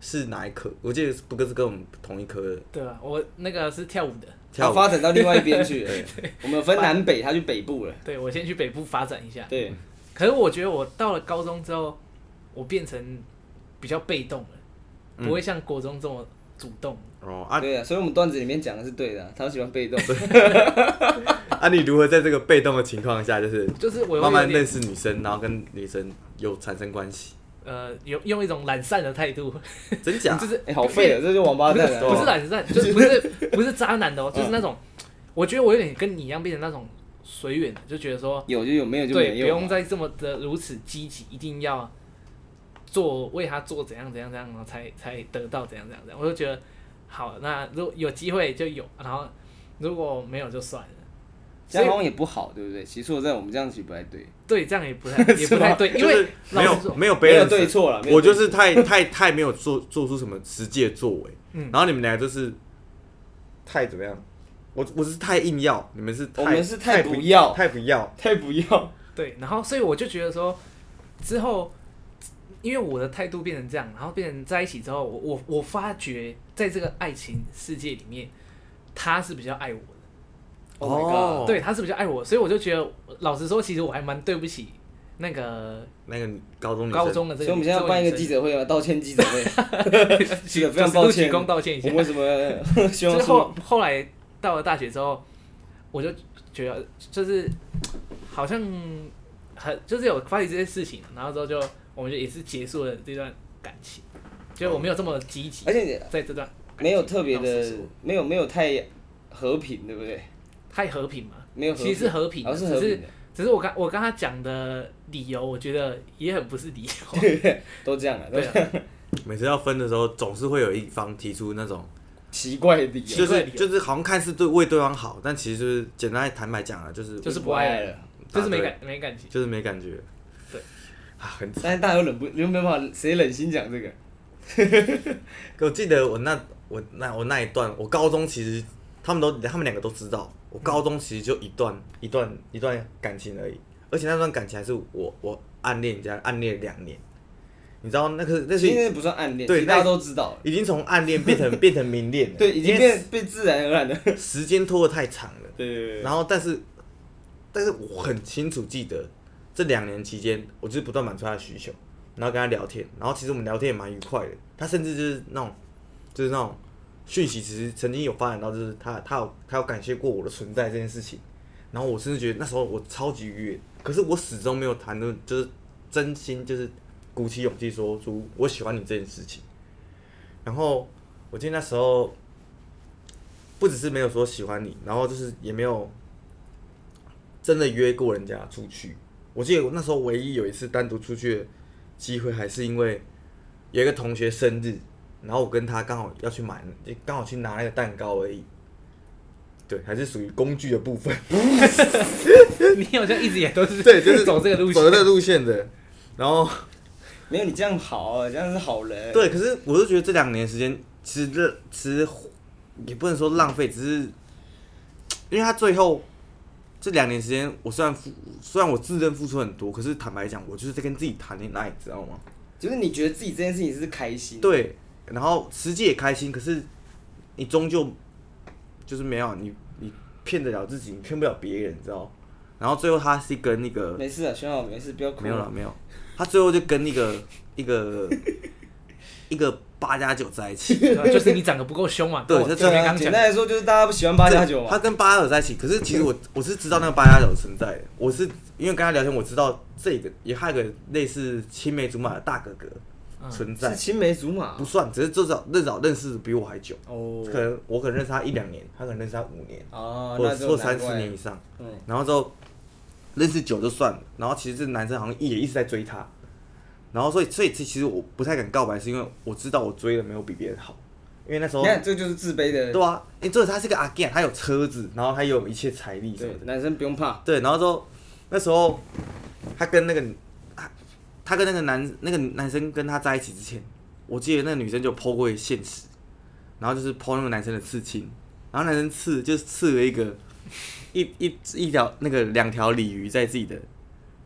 是哪一科？我記得不過是跟我們同一科的。對啊，我那個是跳舞的，跳發展到另外一邊去了。 我們分南北，他去北部了。對，我先去北部發展一下。對，可是我覺得我到了高中之後。我變成比較被動了，嗯，不會像國中這麼主動哦。啊。對啊，所以我們段子裡面講的是對的。啊，超喜歡被動。那 啊，你如何在這個被動的情況下，就是就是慢慢認識女生，然後跟女生有產生關係，就是？呃，有用一種懶散的態度，真假？ 就是哎、欸，好廢啊！這就王八蛋了。不是懶散，就是不是不是渣男的哦， 就是那種、嗯、我覺得我有點跟你一樣，變成那種隨緣，就覺得說有就有，沒有就沒有對，不用再這麼的如此積極，一定要。做為他做怎樣怎樣這樣，然後才才得到怎樣怎樣這樣，我就覺得好。那如果有機會就有，然後如果沒有就算了。這樣也不好，對不對？其實我在我們這樣子不太對。對，這樣也不太也不太對， 就是、因為沒有沒有別人，對錯了。我就是太太太沒有做做出什麼實際的作為。嗯。然後你們倆就是太怎麼樣？我我是太硬要，你們是太我們是太不要、太不要、太不要、太不要、嗯。對。然後所以我就覺得說之後。因為我的態度變成這樣，然後變成在一起之後，我我我發覺，在這個愛情世界裡面，他是比較愛我的。哦、oh. oh，對，他是比較愛我的，所以我就覺得，老實說，其實我還蠻對不起那個，個那個高中女生高中的這個女。所以我們現在要辦一個記者會啊、這個，道歉記者會。哈哈哈哈哈。就是、道歉一下。我為什麼要要？ 就後後來到了大學之後，我就覺得就是好像很就是有發現這些事情，然後之後就。我覺得也是結束了這段感情，就我沒有這麼積極，而且在這段沒有特別的，沒有沒有太和平，對不對？太和平嘛，沒有其實和平，其實是和平哦、是和平只是只是我剛我剛才講的理由，我覺得也很不是理由，對對對，都這都這樣了，對了。每次要分的時候，總是會有一方提出那種、就是、奇怪的理由，就是就是好像看似對為對方好，但其實簡單坦白講了，就是就是不愛了，就是沒感沒感情，就是沒感覺。啊！很，但是大家又忍不，你有沒有辦法，誰忍心講這個？ 可我記得我那我那我那一段，我高中其實他們都他們兩個都知道，我高中其實就一段、嗯、一段一段感情而已，而且那段感情還是我我暗戀人家，暗戀兩年，你知道那個那已經不算暗戀，對，其實大家都知道，已經從暗戀變成 變成明戀了，對，已經變被自然而然的，時間拖得太長了，對對對，對，然後但是但是我很清楚記得。這兩年期間，我就是不斷滿足他的需求，然後跟他聊天，然後其實我們聊天也蠻愉快的。他甚至就是那種，就是那種訊息，其實曾經有發展到就是他他有他有感謝過我的存在這件事情。然後我甚至覺得那時候我超級愉悅，可是我始終沒有談論，就是真心，就是鼓起勇氣說出我喜歡你這件事情。然後我記得那時候不只是沒有說喜歡你，然後就是也沒有真的約過人家出去。我記得我那時候唯一有一次單獨出去的機會，還是因為有一個同學生日，然後我跟他剛好要去買，剛好去拿那個蛋糕而已。對，還是屬於工具的部分。 你好像一直也都是對，就是走這個路線走這個路線的。然後沒有你這樣好啊，你這樣是好人。對，可是我就覺得這兩年時間，其實這其實也不能說浪費，只是因為他最後。這兩年時間，我雖然付，雖然我自認付出很多，可是坦白講，我就是在跟自己談戀愛，你知道嗎？就是你覺得自己這件事情是開心，對，然後實際也開心，可是你終究就是沒有，你你騙得了自己，你騙不了別人，你知道？然後最後他是跟那個沒事啊，萱好沒事，不要哭，沒有了沒有，他最後就跟那個一個一個。 一個一個八加九在一起、 啊，就是你長得不夠兇嘛。對，就特別剛簡單來說，就是大家不喜歡八加九。他跟八加九在一起，可是其實我我是知道那個八加九存在的。我是因為跟他聊天，我知道這個也還有個類似青梅竹馬的大哥哥存在，嗯。是青梅竹馬不算，只是最早認識比我還久。哦。可能我可能認識他一兩年，他可能認識他五年，哦，或者說三四年以上。哦。然後之後認識久就算了。嗯。然後其實這男生好像一也一直在追他。然後所以所以其實我不太敢告白，是因為我知道我追的沒有比別人好，因為那時候你看這就是自卑的，對啊，因為這個他是個 again，他有車子，然後他有一切財力什麼的，對，男生不用怕。對，然後說那時候他跟那個他他跟那個男那個男生跟他在一起之前，我記得那個女生就 po 過一現實，然後就是 po 那個男生的刺青，然後男生刺就是刺了一個一一一條那個兩條鯉魚在自己的。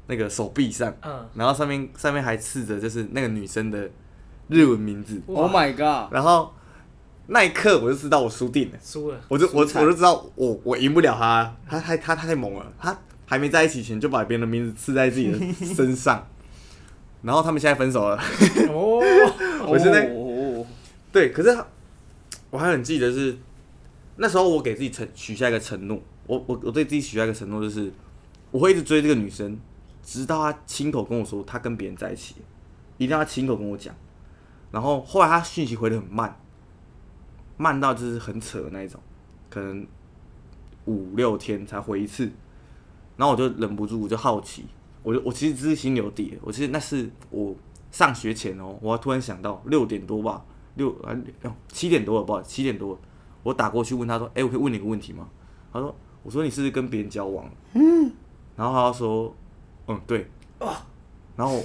那個手臂上，嗯、然後上面上面還刺着就是那個女生的日文名字。嗯、Oh my god！然後那一刻我就知道我輸定了，輸了。我就我我就知道我我贏不了她，她她她太猛了，她還沒在一起前就把別人的名字刺在自己的身上， 然後他們現在分手了。哦、 oh, oh. 我現在對，可是我還很記得、就是那時候我給自己承許下一個承諾，我我我對自己許下一個承諾，就是我會一直追這個女生。直到他親口跟我說他跟別人在一起，一定要親口跟我講。然後後來他訊息回得很慢，慢到就是很扯的那一種，可能五六天才回一次。然後我就忍不住我就好奇，我就我其實只是心裡有底。我其實那是我上學前哦，我突然想到六點多吧，六啊七點多了，不好意思，七點多我打過去問他說：“哎、欸，我可以問你個問題嗎？”他說：“我說你是不是跟別人交往？”嗯，然後他說。嗯，對。然後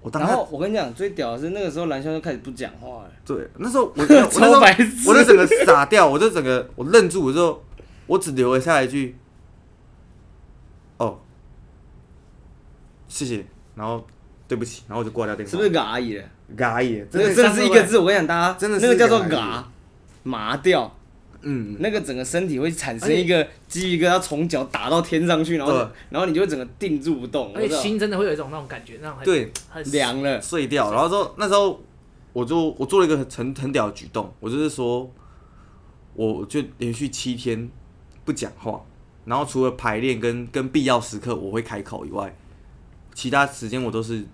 我當然後我跟你講，最屌的是那個時候，藍霄就開始不講話了。對，那時候我就 超白痴，我就整個傻掉， 我就整個我愣住我，我就我只留了下一句，哦，謝謝。然後對不起，然後我就掛掉電話。是不是嘎也？嘎也，這真、那個、真的是一個字。我跟你講，大家真的是那個叫做嘎麻掉。嗯，那個整個身體會產生一個雞皮疙瘩從腳打到天上去，然後然後你就會整個定住不動，而且心真的會有一種那種感覺，那種很對涼了，碎掉。然後說那時候，我就我做了一個很很屌的舉動，我就是說，我就連續七天不講話，然後除了排練跟跟必要時刻我會開口以外，其他時間我都是。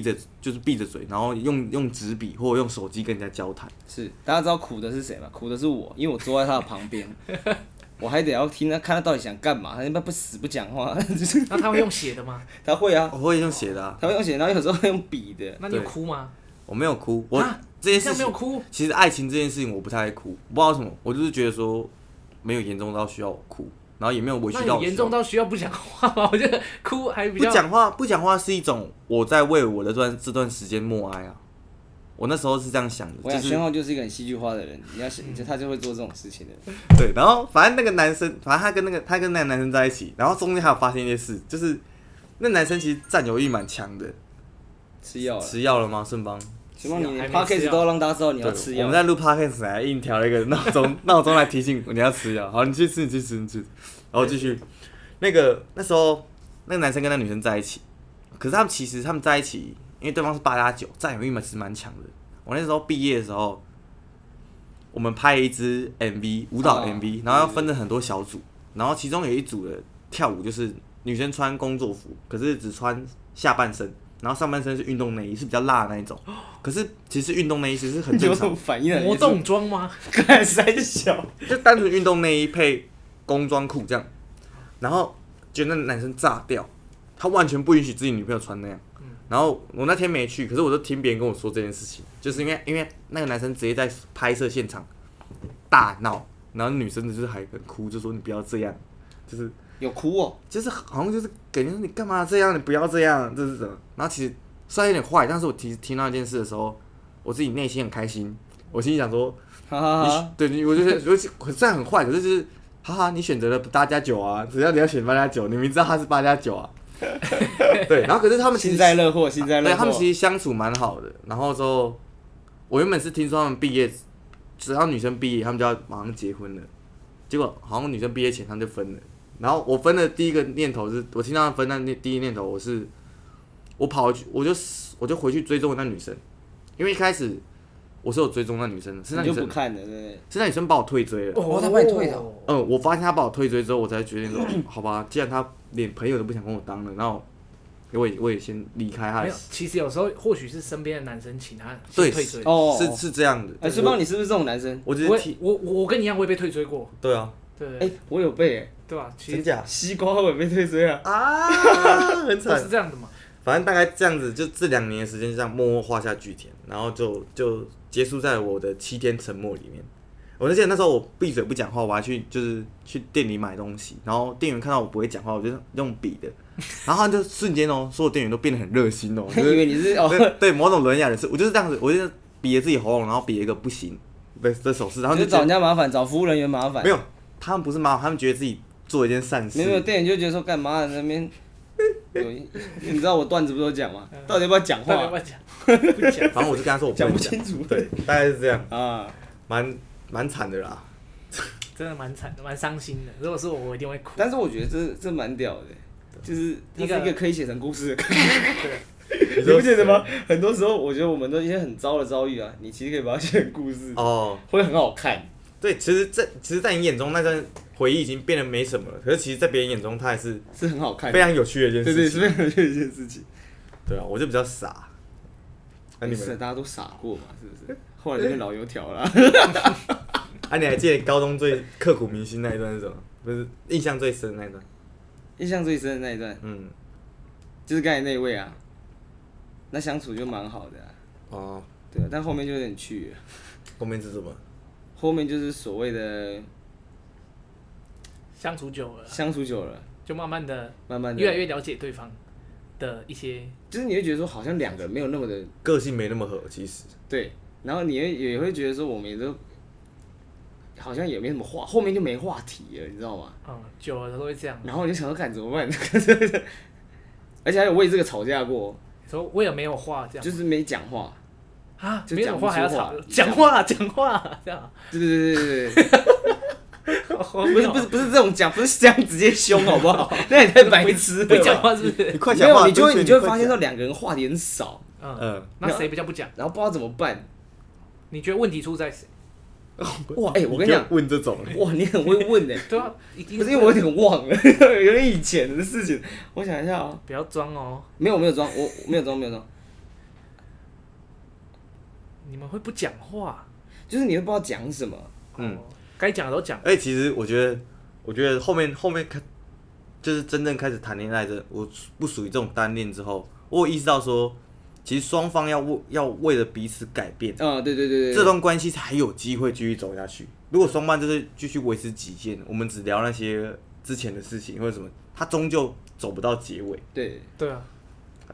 閉着就是閉着嘴，然後用用紙筆或者用手機跟人家交談。是，大家知道苦的是誰嗎？苦的是我，因為我坐在他的旁邊， 我還得要聽他看他到底想幹嘛，他一般不死不講話。那、就是、他會用寫的嗎？ 他會啊，我會用寫的、啊。他會用寫，然後有時候會用筆的。那你有哭嗎？我沒有哭，我這件事情沒有哭。其實愛情這件事情，我不太愛哭，不知道為什麼，我就是覺得說沒有嚴重到需要我哭。然後也沒有委屈到我，嚴重到需要不講話嗎？我覺得哭還比較不講話，不講話是一種我在為我的段這段時間默哀啊。我那時候是這樣想的，我、就是宣浩就是一個很戲劇化的人，你要想、嗯、他就會做這種事情的。對，然後反正那個男生，反正他跟那個他跟那個男生在一起，然後中間還有發生一些事，就是那男生其實占有欲蠻強的。吃藥了？吃藥了嗎？順邦？希望你 podcast 都時不要亂打字你要吃藥。我們在錄 podcast 還硬調了一個鬧鐘，鬧鐘來提醒你要吃藥。好，你去吃，你去吃，你吃。然後繼續，那個那時候那個男生跟那個女生在一起，可是他們其實他們在一起，因為對方是八加九，占有欲嘛其實蠻強的。我那時候畢業的時候，我們拍了一支 MV 舞蹈 MV，然後分成很多小組，然後其中有一組的跳舞就是女生穿工作服，可是只穿下半身。然後上半身是運動內衣，是比較辣的那一種。可是其實運動內衣其實很正常。有什麼反應？魔動裝嗎？看來還小，就單純運動內衣配工裝褲這樣。然後覺得那男生炸掉，他完全不允許自己女朋友穿那樣。嗯。然後我那天沒去，可是我就聽別人跟我說這件事情，就是因為因為那個男生直接在拍攝現場大鬧，然後女生就是還很哭，就說你不要這樣，就是。有哭哦，就是好像就是感覺你幹嘛這樣，你不要這樣，這是什麼？然後其實雖然有點壞，但是我其實聽到這件事的時候，我自己內心很開心。我心裡想說，哈哈，哈，哈你，對你，我就覺、是、得，雖然很壞，可是就是哈哈，你選擇了八加九啊，只要你要選八加九，你明知道他是八加九啊。 對，然後可是他們，幸災樂禍，幸災樂禍。他們其實相處蠻好的。然後之後，我原本是聽說他們畢業，只要女生畢業，他們就要馬上結婚了。結果好像女生畢業前，他們就分了。然後我分的第一個念頭是，我聽到分那第第一念頭，我是我跑去，我就我就回去追蹤那女生，因為一開始我是有追蹤那女生，是那女生，是那女生把我退追了。哦，她退追？嗯，我發現她把我退追之後，我才決定說，好吧，既然她連朋友都不想跟我當了，然後我也我也先離開她。沒有，其實有時候或許是身邊的男生請她退追，哦，是是這樣的。哎，師傅，你是不是這種男生？我我我跟你一樣，我也被退追過。對啊，對，哎，我有被、欸。是吧？真的？西瓜後面沒嘴啊？啊！很慘。 是這樣的嘛？反正大概這樣子，就這兩年的時間就這樣默默畫下句點，然後就就結束在我的七天沉默裡面。我就記得那時候我閉嘴不講話，我還去就是去店裡買東西，然後店員看到我不會講話，我就用筆的，然後就瞬間哦、喔，所有店員都變得很熱心哦、喔 以為你是就是， 對對某種聾啞人士。我就是這樣子，我就比着自己喉嚨，然後比一個不行，不對，的手勢，然後就你就找人家麻煩，找服務人員麻煩。沒有，他們不是麻煩，他們覺得自己。做一件善事，沒有電影就覺得說幹嘛？那邊有， 你知道我段子不是都講嗎、 啊？到底要不要講話？不講。反 正我就跟他說我，我講不清楚。 對，大概是這樣啊，蠻蠻慘的啦， 真的蠻慘，蠻傷心的。如果是我，我一定會哭。但是我覺得這 覺得這蠻屌的，就是一個可以寫成故事的故事。對，你 不覺得嗎？ 很多時候，我覺得我們都一些很糟的遭遇啊，你其實可以把它寫成故事，哦。會很好看。對，其實在，在其實，在你眼中那段回憶已經變得沒什麼了。可是，其實，在別人眼中，它還是是很好看、非常有趣的一件事。對，對非常有趣的一件事情。對啊，我就比較傻。欸、是啊，大家都傻過嘛，是不是？後來就是老油條了。啊，欸、 啊你還記得高中最刻骨銘心那一段是什麼？不是印象最深的那一段？印象最深的那一段，嗯，就是剛才那一位啊。那相處就蠻好的、啊。哦，對啊，但後面就有點去。後面是什麼？後面就是所謂的相處久了，相處久了，就慢慢的，慢慢的，越來越了解對方的一些，就是你會覺得說，好像兩個人沒有那麼的個性沒那麼合，其實。對，然後你也也會覺得說，我們也都好像也沒什麼話，後面就沒話題了，你知道嗎？嗯，久了他都會這樣。然後你想要看怎麼辦？而且還有為這個吵架過，說我也沒有話，這樣就是沒講話。啊！講話還要吵，講話講話這樣。對對對對、 啊、不是不是不是這種講，不是這樣直接凶好不好？ 那你太白痴，會講話是不是？你快講話沒有，你就會你，你就會發現到兩個人話點少。嗯嗯。那誰比較不講？然後不知道怎麼辦？你覺得問題出在誰？ 哇！哎、欸，我跟你講，問這種，哇，你很會問呢、欸。 對啊，可是因為我有點忘了，有 點以前的事情。嗯、我想一下啊、喔，不要裝哦、喔。沒有，沒有裝，我沒有裝，沒有裝。 你們會不講話，就是你會不知道講什麼。嗯，該講的都講。哎，其實我覺得，我覺得後面後面開，就是真正開始談戀愛的。我不屬於這種單戀之後，我有意識到說，其實雙方要為要為了彼此改變。啊，哦，對對對對。這段關係才有機會繼續走下去。如果雙方就是繼續維持己見，我們只聊那些之前的事情或者什麼，他終究走不到結尾。對對啊。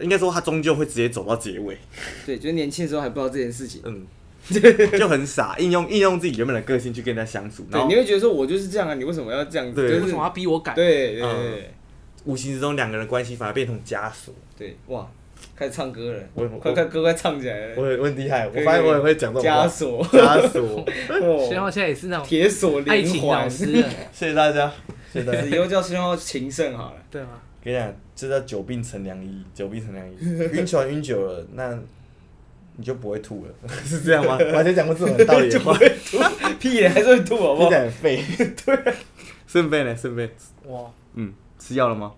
應該說他終究會直接走到結尾。對，就年輕的時候還不知道這件事情，嗯， 就很傻，應用應用自己原本的個性去跟人家相處。對，你會覺得說我就是這樣啊，你為什麼要這樣？對，為什麼要逼我改？對對對，對，無、嗯、形之中兩個人的關係反而變成枷鎖。對，哇，開始唱歌了，我我快快歌，快唱起來了！我我很厲害對對對，我發現我也會講到枷鎖，枷鎖。孫浩 現在也是那種鐵鎖，愛情老師。 謝謝大家，謝謝。以 後叫孫浩情聖好了，對嗎、啊？ 給你你講。 這、就、叫、是、久病成良醫，久病成良醫。暈船暈久了，那你就不會吐了， 是這樣嗎？我以前講過這種道理的話， 就不會吐，屁眼還是會吐，好不好？有點廢。順 便廢呢？順便哇。嗯，吃藥了嗎？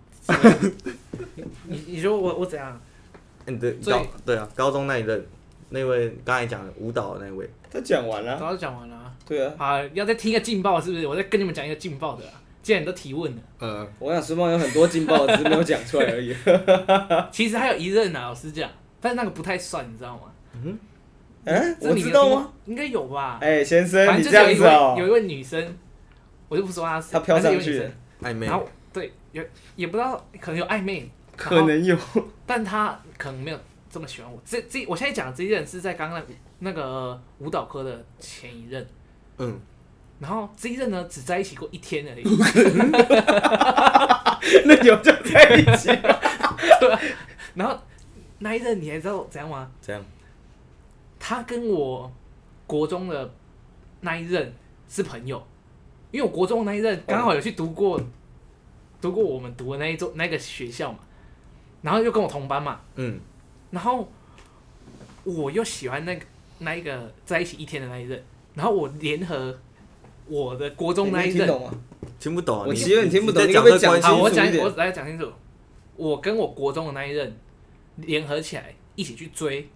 你你說我我怎樣？嗯、欸，你對高對啊，高中那一任那位剛才講的舞蹈的那位，他講完了。他講完了。對啊。啊，要再聽一個勁爆是不是？我再跟你們講一個勁爆的、啊。既然都提問了，呃，我想說包有很多勁爆的詞沒有講出來而已 其實還有一任、啊、老實講，但是那個不太算，你知道嗎？嗯，嗯，我知道嗎、啊？應該有吧。哎，先生，反正就是有一位你這樣子哦。有一位女生，我就不說她誰。她飄上去。曖昧。對，有，也不知道，可能有曖昧。可能有。但她可能沒有這麼喜歡我。這這，我現在講的這一任是在剛剛那個舞蹈科的前一任。嗯。然後這一任呢，只在一起過一天而已。那有就在一起。對。然後那一任，你還知道怎樣嗎？怎樣？他跟我國中的那一任是朋友，因為我國中的那一任剛好有去讀過、哦，讀過我們讀的那一座那個學校嘛。然後又跟我同班嘛。嗯。然後我又喜歡那個那一個在一起一天的那一任，然後我聯合。我的國中那一任、欸聽，聽不懂啊！我其實你,你,你聽不懂，你講清楚一點我講，我來講清楚。我跟我國中的那一任聯合起來，一起去追。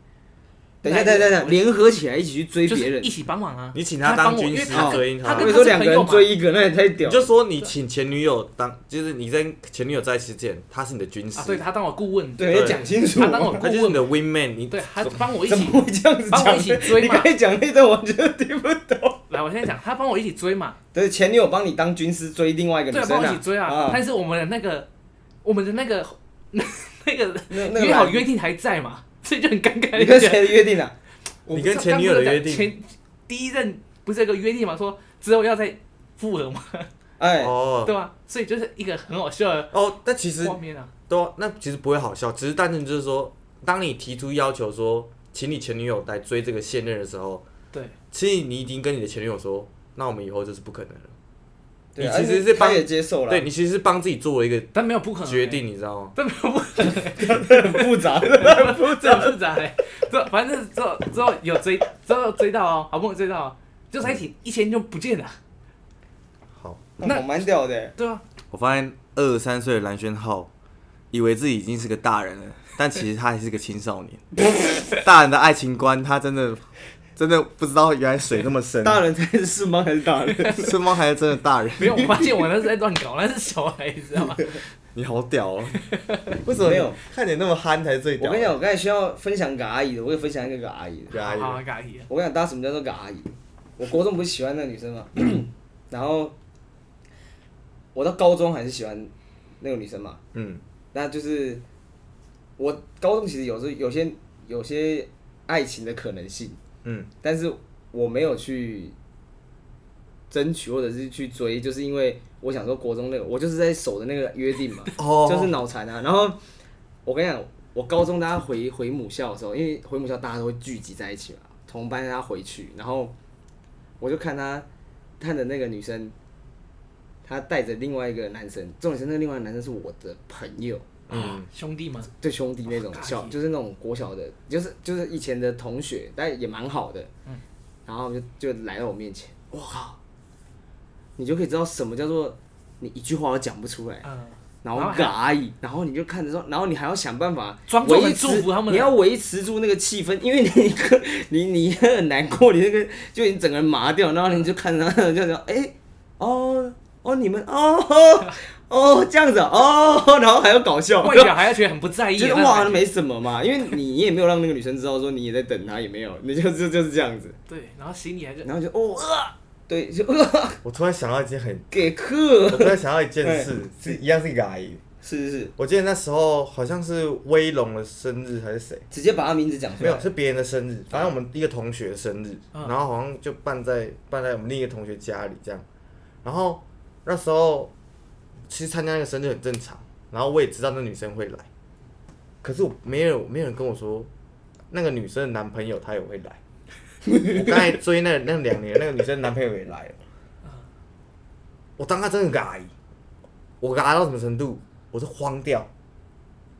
等一下，等，等，下，聯合起來一起去追別人，就是、一起幫忙啊！你請他當軍師，他，他跟你說兩個人追一個，那也太屌！你就說你請前女友當，就是你在前女友在次見，他是你的軍師，對，所以他當我顧問，對，講清楚，他當我顧問，他我問他就是你的 win man，你對，他幫我一起，幫我一起追， 你可以講那段，我就聽不懂。來，我現在講，他幫我一起追嘛，對，前女友幫你當軍師追另外一個女生、啊，對，幫我一起追啊，啊！但是我們的那個，我們的那個，那個約、那個、好約定還在嘛？所以就很尷尬。你跟誰的約定了、啊，你跟前女友的約定，前第一任不是有個約定嗎？說之後要再復合嗎？哎、欸，哦，對吧？所以就是一個很好笑的、啊、哦。但其實，對、啊，那其實不會好笑，只是單純就是說，當你提出要求說，請你前女友來追這個現任的時候，對，其實你已經跟你的前女友說，那我們以後就是不可能了。你其實是幫也接受了，對，你其實是幫自己做了一個，但沒有不可能決、欸、定，你知道嗎？但沒有不可能、欸， 很複雜， 這很複雜、欸，複雜。這反正之後，之後有追，之後有追到哦、喔，好不容易追到、喔，就在、是、一起，一天就不見了。好，那、嗯、我蠻屌的、欸。對啊，我發現二十三歲的藍軒浩以為自己已經是個大人了，但其實他還是個青少年。 大人的愛情觀，他真的。真的不知道，原來水那麼深啊。大人才是是貓還是大人？ 是貓還是真的大人？沒有，我發現我那是在亂搞，那是小孩，知道嗎？ 你好屌哦！ 為什麼沒有？ 看你那麼憨，才是最屌。我跟你講，我剛才需要分享給阿姨的，我也分享一個給阿姨的。給阿姨。我跟你講，大家什麼叫做給阿姨？我國中不是喜歡那個女生嗎？ 然後我到高中還是喜歡那個女生嘛？嗯。那就是我高中其實有時候有些有些，有些愛情的可能性。嗯，但是我沒有去爭取，或者是去追，就是因為我想說國中那個，我就是在守着那個約定嘛，oh. 就是腦殘啊。然後我跟你講，我高中大家回回母校的時候，因為回母校大家都會聚集在一起嘛，同班大家回去，然後我就看他看着那個女生，她帶着另外一個男生，重點是那個另外一個男生是我的朋友。嗯、兄弟嘛，對兄弟那種小，oh, 就是那種國小的，就是就是以前的同學，但也蠻好的、嗯。然後就就來到我面前，哇，你就可以知道什麼叫做你一句話都講不出來。嗯，然後嘎一，然後你就看着說，然後你還要想辦法裝作祝福他們，你要維持住那個氣氛，因為你一個你你很難過，你那個就你整個人麻掉，然後你就看着他，就講哎、欸，哦哦你們哦。哦 哦、oh,，這樣子哦，oh, 然後還要搞笑，外表還要覺得很不在意，就是哇，那沒什麼嘛， 因為你也沒有讓那個女生知道說你也在等她，也沒有，你就就就是這樣子。對，然後心裡還是，然後就哦、啊，對，就、啊。我突然想到一件很給客。我突然想到一件事， 是,是一樣是一個阿姨。是是是，我記得那時候好像是威龍的生日還是誰，直接把他名字講出來，沒有，是別人的生日，反正我們一個同學生日，嗯、然後好像就辦在、嗯、辦在我們另一個同學家裡這樣，然後那時候。其實參加那個生日很正常，然後我也知道那女生會來，可是我沒有沒有人跟我說那個女生的男朋友他也會來。 我剛才追那個、那兩年，那個女生的男朋友也來了， 我當他真的尬，我尬到什麼程度？我是慌掉，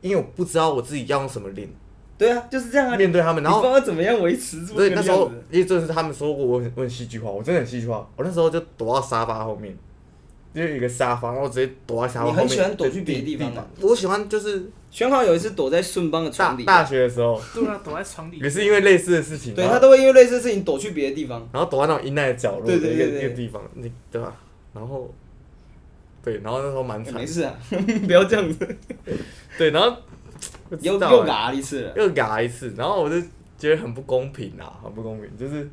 因為我不知道我自己要用什麼臉。對啊，就是這樣啊。面對他們，然後怎麼樣維持住？所以那時候因為這是他們說過我，我很我很戲劇化，我真的很戲劇化。我那時候就躲到沙發後面。就有一個沙發，然後我直接躲在沙發。你很喜歡躲去別的地方、啊。我喜歡就是，萱好有一次躲在順邦的大大學的時候。躲在床也是因為類似的事情。對他都會因為類似的事情躲去別的地方。然後躲在那種陰暗的角落，一個一個地方，對吧？然後，對，然後那時候蠻慘的、欸、沒事啊， 不要這樣子。對，然後 又、欸、又嘎了一次了又嘎了一次，然後我就覺得很不公平啊，很不公平，就是。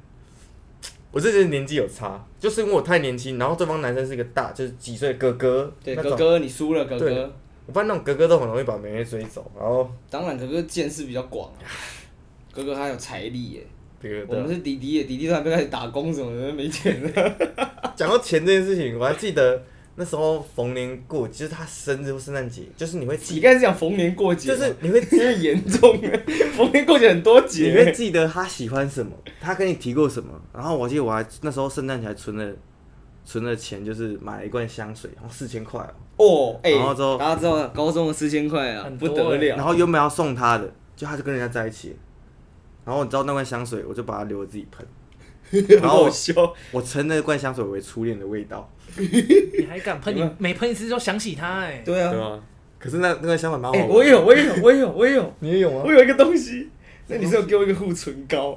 我是覺得年紀有差，就是因為我太年輕，然後對方男生是一個大，就是幾歲的哥哥。對，哥哥你輸了，哥哥。我發現那種哥哥都很容易把妹妹追走，然後。當然，哥哥見識比較廣啊， 哥哥他還有財力耶。對。我們是弟弟耶，弟弟都還沒開始打工什麼的，沒錢的。講到錢這件事情， 我還記得。那時候逢年過，就是他生日或聖誕節，就是你會你剛才是講逢年過節，就是你會因為嚴重哎，逢年過節很多節，你會記得他喜歡什麼，他跟你提過什麼。然後我記得我還那時候聖誕節還存了，存了錢就是買了一罐香水，4, 啊 oh, 然後四千塊哦，然後之後，然後之後高中的四千塊啊很，不得了。然後原本要送他的，就他就跟人家在一起，然後你知道那罐香水我就把它留着自己噴。然後我笑好羞，我稱那罐香水為初戀的味道。你還敢噴？你每噴一次就想起他哎、欸。對啊，對啊。可是那那個香水蠻好，好的。欸。我也有，我也有，我也有，我也有。你也有嗎？我有一個東西。那，西那你是要給我一個護唇膏？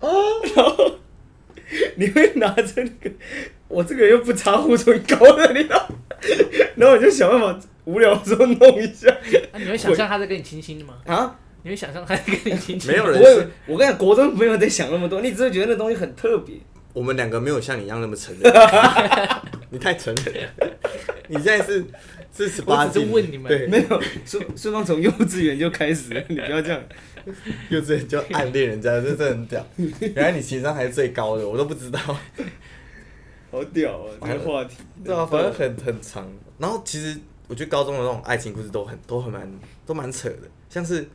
啊，然後你會拿着那個？我這個人又不擦護唇膏的料。然後我就想辦法無聊的時候弄一下。啊，你會想象他在跟你親親的嗎？ 啊？因為想象還是跟你聽起沒有人我，我跟你講，國中不用再想那麼多，你只是覺得那東西很特別。我們兩個沒有像你一樣那麼純， 你太純沉了。 你現在是四十八，就問你們，沒有，順順芳從幼稚園就開始了，你不要這樣， 幼稚園就暗戀人家，這這很屌。 原來你情商還是最高的，我都不知道，好屌啊、喔！這個 話題， 對啊，反正很很長。然後其實我覺得高中的那種愛情故事都很都很蠻都蠻扯的，像是。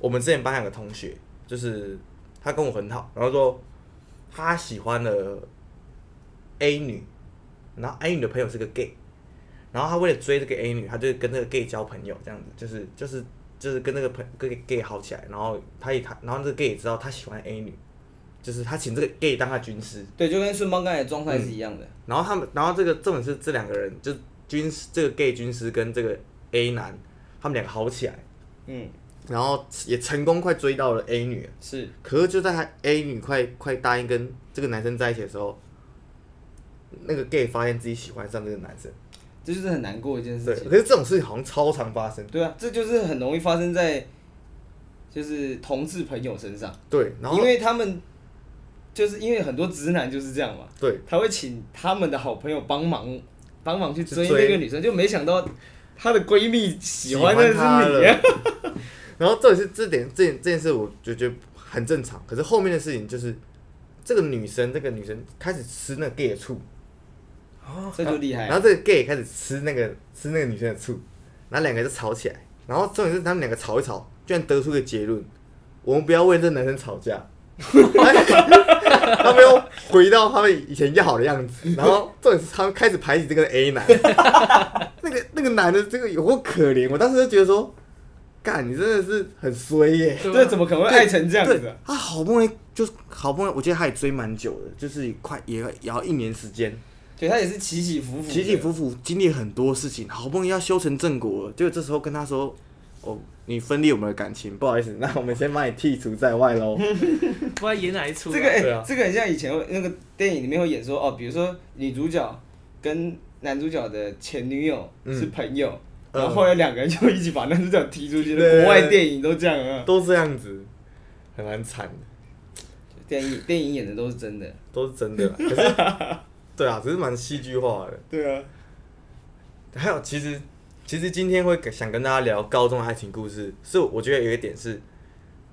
我們之前班上有個同學，就是他跟我很好，然後說他喜歡了 A 女，然後 A 女的朋友是個 gay，然後他為了追這個 A 女，他就跟這個 gay 交朋友，這樣子就是就是就是跟那個朋跟 gay 好起來，然後他也他然後這個 gay 也知道他喜歡 A 女，就是他請這個 gay 當他軍師，對，就跟順邦剛才的狀態是一樣的。嗯。然後他們，然後這個重點是這兩個人就軍師這個 gay 軍師跟這個 A 男，他們兩個好起來，嗯。然後也成功快追到了 A 女了，是，可是就在他 A 女快快答應跟這個男生在一起的時候，那個 gay 發現自己喜歡上這個男生，這就是很難過一件事情。對，可是這種事情好像超常發生。對啊，這就是很容易發生在，就是同志朋友身上。對，然後因為他們就是因為很多直男就是這樣嘛，對，他會請他們的好朋友幫忙幫忙去追那個女生，就，就沒想到他的閨蜜喜歡的是你啊。 然後重點是這點這點這件事我就覺得很正常，可是後面的事情就是，這個女生這個女生開始吃那個 gay 的醋，哦，這就厲害。然後這個 gay 開始吃那個吃那個女生的醋，然後兩個人就吵起來。然後重點是他們兩個吵一吵，居然得出個結論：我們不要為這男生吵架， 他們又回到他們以前要好的樣子。然後重點是他們開始排擠這個 A 男， 那個那個男的這個有多可憐，我當時就覺得說。幹，你真的是很衰耶，欸！這怎麼可能會愛成這樣子啊？對啊，好不容易就是好不容易，我覺得他也追蠻久的，就是快也也要一年時間。對，他也是起起伏伏，起起伏伏，經歷很多事情，好不容易要修成正果了，結果這時候跟他說：“哦，你分裂我們的感情，不好意思，那我們先把你剔除在外嘍。 ” 不知道演哪一出，啊？這個、欸、這個很像以前那個電影裡面會演說哦，比如說女主角跟男主角的前女友是朋友。嗯嗯、然後後來兩個人就一起把男主角踢出去了。國外電影都這樣啊，都這樣子，還蠻慘的。電影電影演的都是真的。都是真的， 可是對啊，只是蠻戲劇化的。對啊。還有，其實其實今天會想跟大家聊高中的愛情故事，是我覺得有一點是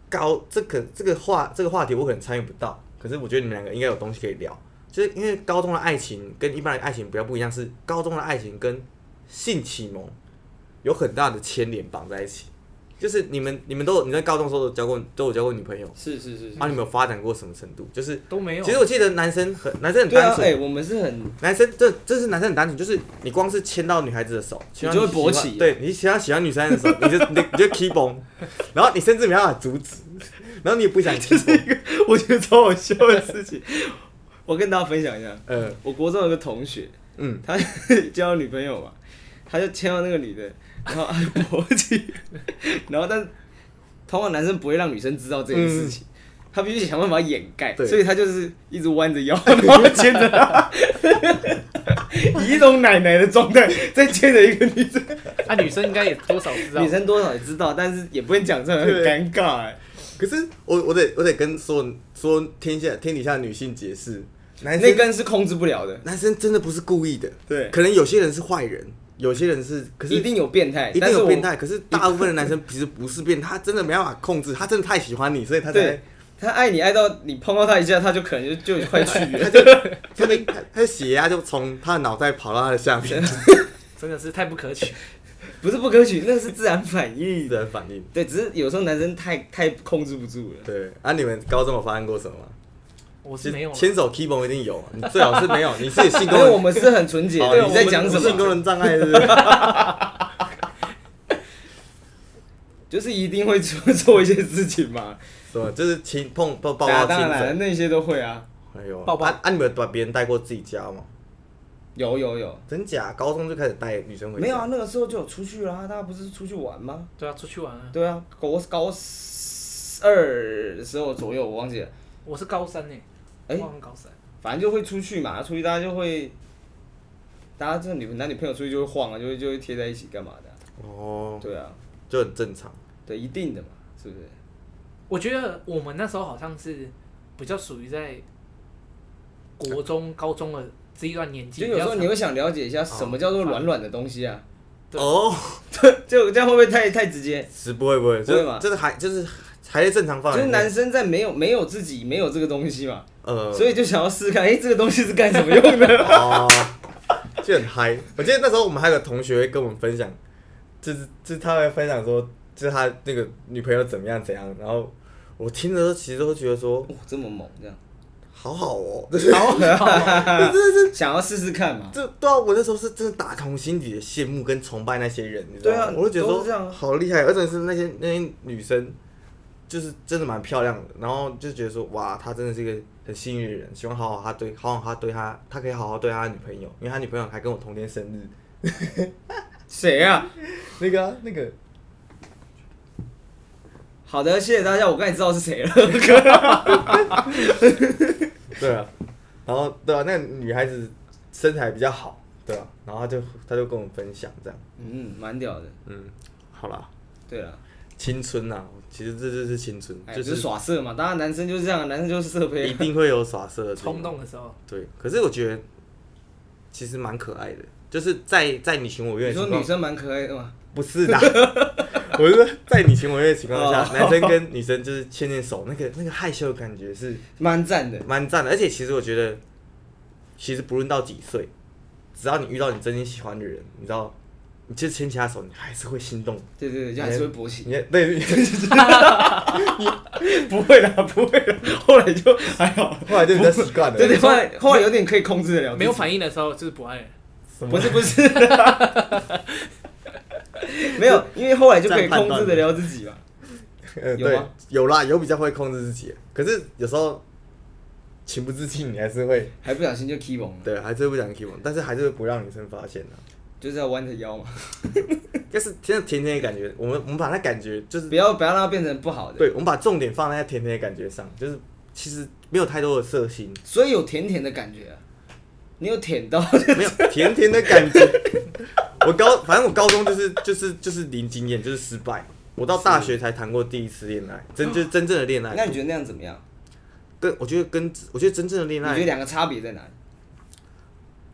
高這個這個話這個話題我可能參與不到，可是我覺得你們兩個應該有東西可以聊，就是因為高中的愛情跟一般的愛情比較不一樣，是高中的愛情跟性啟蒙。有很大的牽連綁在一起，就是你們，你們都有你在高中的時候都交過，都有交過女朋友，是是是，啊，你們有發展過什麼程度？就是都沒有。其實我記得男生很男生很單純，對、啊欸，我們是很男生就，這、就、這是男生很單純，就是你光是牽到女孩子的手，喜就會勃起、啊。對，你想要喜歡女生的時候 你就，你就你就 keep on，然後你甚至沒辦法阻止，然後你也不想這是一個我覺得超好笑的事情， 我跟大家分享一下。呃，我國中有個同學，嗯，他交 女朋友嘛。他就牽到那個女的，然後我、啊、去， 然後但是，通常男生不會讓女生知道這件事情，嗯、他必須想辦法掩蓋，所以他就是一直彎着腰，然後牽着他， 以一種奶奶的狀態在牽着一個女生。 啊，女生應該也多少知道，女生多少也知道， 但是也不會講，這樣很尷尬。可是我我得我得跟說說天下天底下的女性解釋，男生那根是控制不了的，男生真的不是故意的，對，可能有些人是壞人。有些人是，可是一定有變態，一定有變態。可是大部分的男生其實不是變態，他真的沒辦法控制， 他真的太喜歡你，所以他才在他愛你愛到你碰到他一下，他就可能就就快去了， 他,就他,他,就就他的他的血壓就從他的腦袋跑到他的下面， 真的是太不可取，不是不可取，那是自然反應， 自然反應。對，只是有時候男生太太控制不住了。對，啊，你們高中有發生過什麼嗎？我是沒有，牽手 K I V O 一定有，你最好是沒有，你自己性格。 因為我們是很純潔的，你在講什麼性功能障礙是不是？ 就是一定會做做一些事情嘛？是吧？就是親碰碰抱抱親。當然，那些都會啊。還、哎、有抱抱啊！你們把別人帶過自己家嗎？有有有，真假？高中就開始帶女生回？沒有啊，那個時候就有出去啦、啊。大家不是出去玩嗎？對啊，出去玩啊。對啊，高高二的時候左右、嗯，我忘記了。我是高三呢、欸。哎、欸，反正就會出去嘛，出去大家就會，大家這個女男女朋友出去就會晃啊，就會就會貼在一起幹嘛的。哦、oh,，對啊，就很正常，對，一定的嘛，是不是？我覺得我們那時候好像是比較屬於在國中、高中的這一段年紀。就有時候你會想了解一下什麼叫做軟軟的東西啊？哦、oh.，這、oh. 這樣會不會太太直接？不會不會，對嗎？這是還就是還、就是還正常放。就是男生在沒有沒有自己沒有這個東西嘛。呃，所以就想要試試看，哎、欸，這個東西是幹什麼用的？哦、 uh,，就很嗨。我記得那時候我們還有個同學會跟我們分享，就是就是他會分享說，就是他那個女朋友怎麼樣怎樣。然後我聽着都其實都覺得說、哦，這麼猛這樣，好好哦，很好。好，好、哦。哈 哈好、哦、 是、就是、想要試試看嘛？就對啊，我那時候是真的打從心底的羨慕跟崇拜那些人，你知道嗎？對啊，我就覺得說，這樣好厲害，而且是那些那些女生。就是真的蠻漂亮的，然後就覺得說哇，他真的是一個很幸運的人，希望好好他對，好好他對他，他可以好好對他女朋友，因為他女朋友還跟我同天生日。誰、嗯、 啊？那個、啊、那個。好的，謝謝大家，我剛才知道是誰了。 對啊，然後對啊，那個、女孩子身材比較好，對啊，然後他就他就跟我分享這樣，嗯，蠻屌的，嗯，好了，對啊。青春吶、啊，其實這就是青春，就是耍色嘛。當然，男生就是這樣，男生就是色胚，一定會有耍色衝動的時候。對，可是我覺得其實蠻可愛的，就是在在你情我願，你說女生蠻可愛的嘛？不是的， 我是說在你情我願的情況下， 男生跟女生就是牽牽手， 那個那個害羞的感覺是蠻讚的，蠻讚的。而且其實我覺得，其實不論到幾歲，只要你遇到你真心喜歡的人，你知道。你就是牽起他手，你還是會心動。對對對，就還是會勃起。你對 不，不會了，不會了。後來就還好，後來就比較習慣了。對，對，對，後來後來有點可以控制得了。沒有反應的時候就是不愛了。不是不是。不是 沒有，因為後來就可以控制得了自己嘛了。 有嗎對？有啦，有比較會控制自己。可是有時候情不自禁，還是會還不小心就 kiss 嘛。對，還是會不講 kiss，但是還是會不讓女生發現的、啊。就是要彎着腰嘛，就 是現在甜甜的感覺。我們我們把那感覺就是不要不要讓它變成不好的。對，我們把重點放在甜甜的感覺上，就是其實沒有太多的色心，所以有甜甜的感覺啊。你有舔到沒有？甜甜的感覺。 我高，反正我高中就是就是就是零經驗，就是失敗。我到大學才談過第一次戀愛，真就是真正的戀愛。啊？那你覺得那樣怎麼樣？跟我覺得跟我覺得真正的戀愛，你覺得兩個差別在哪裡？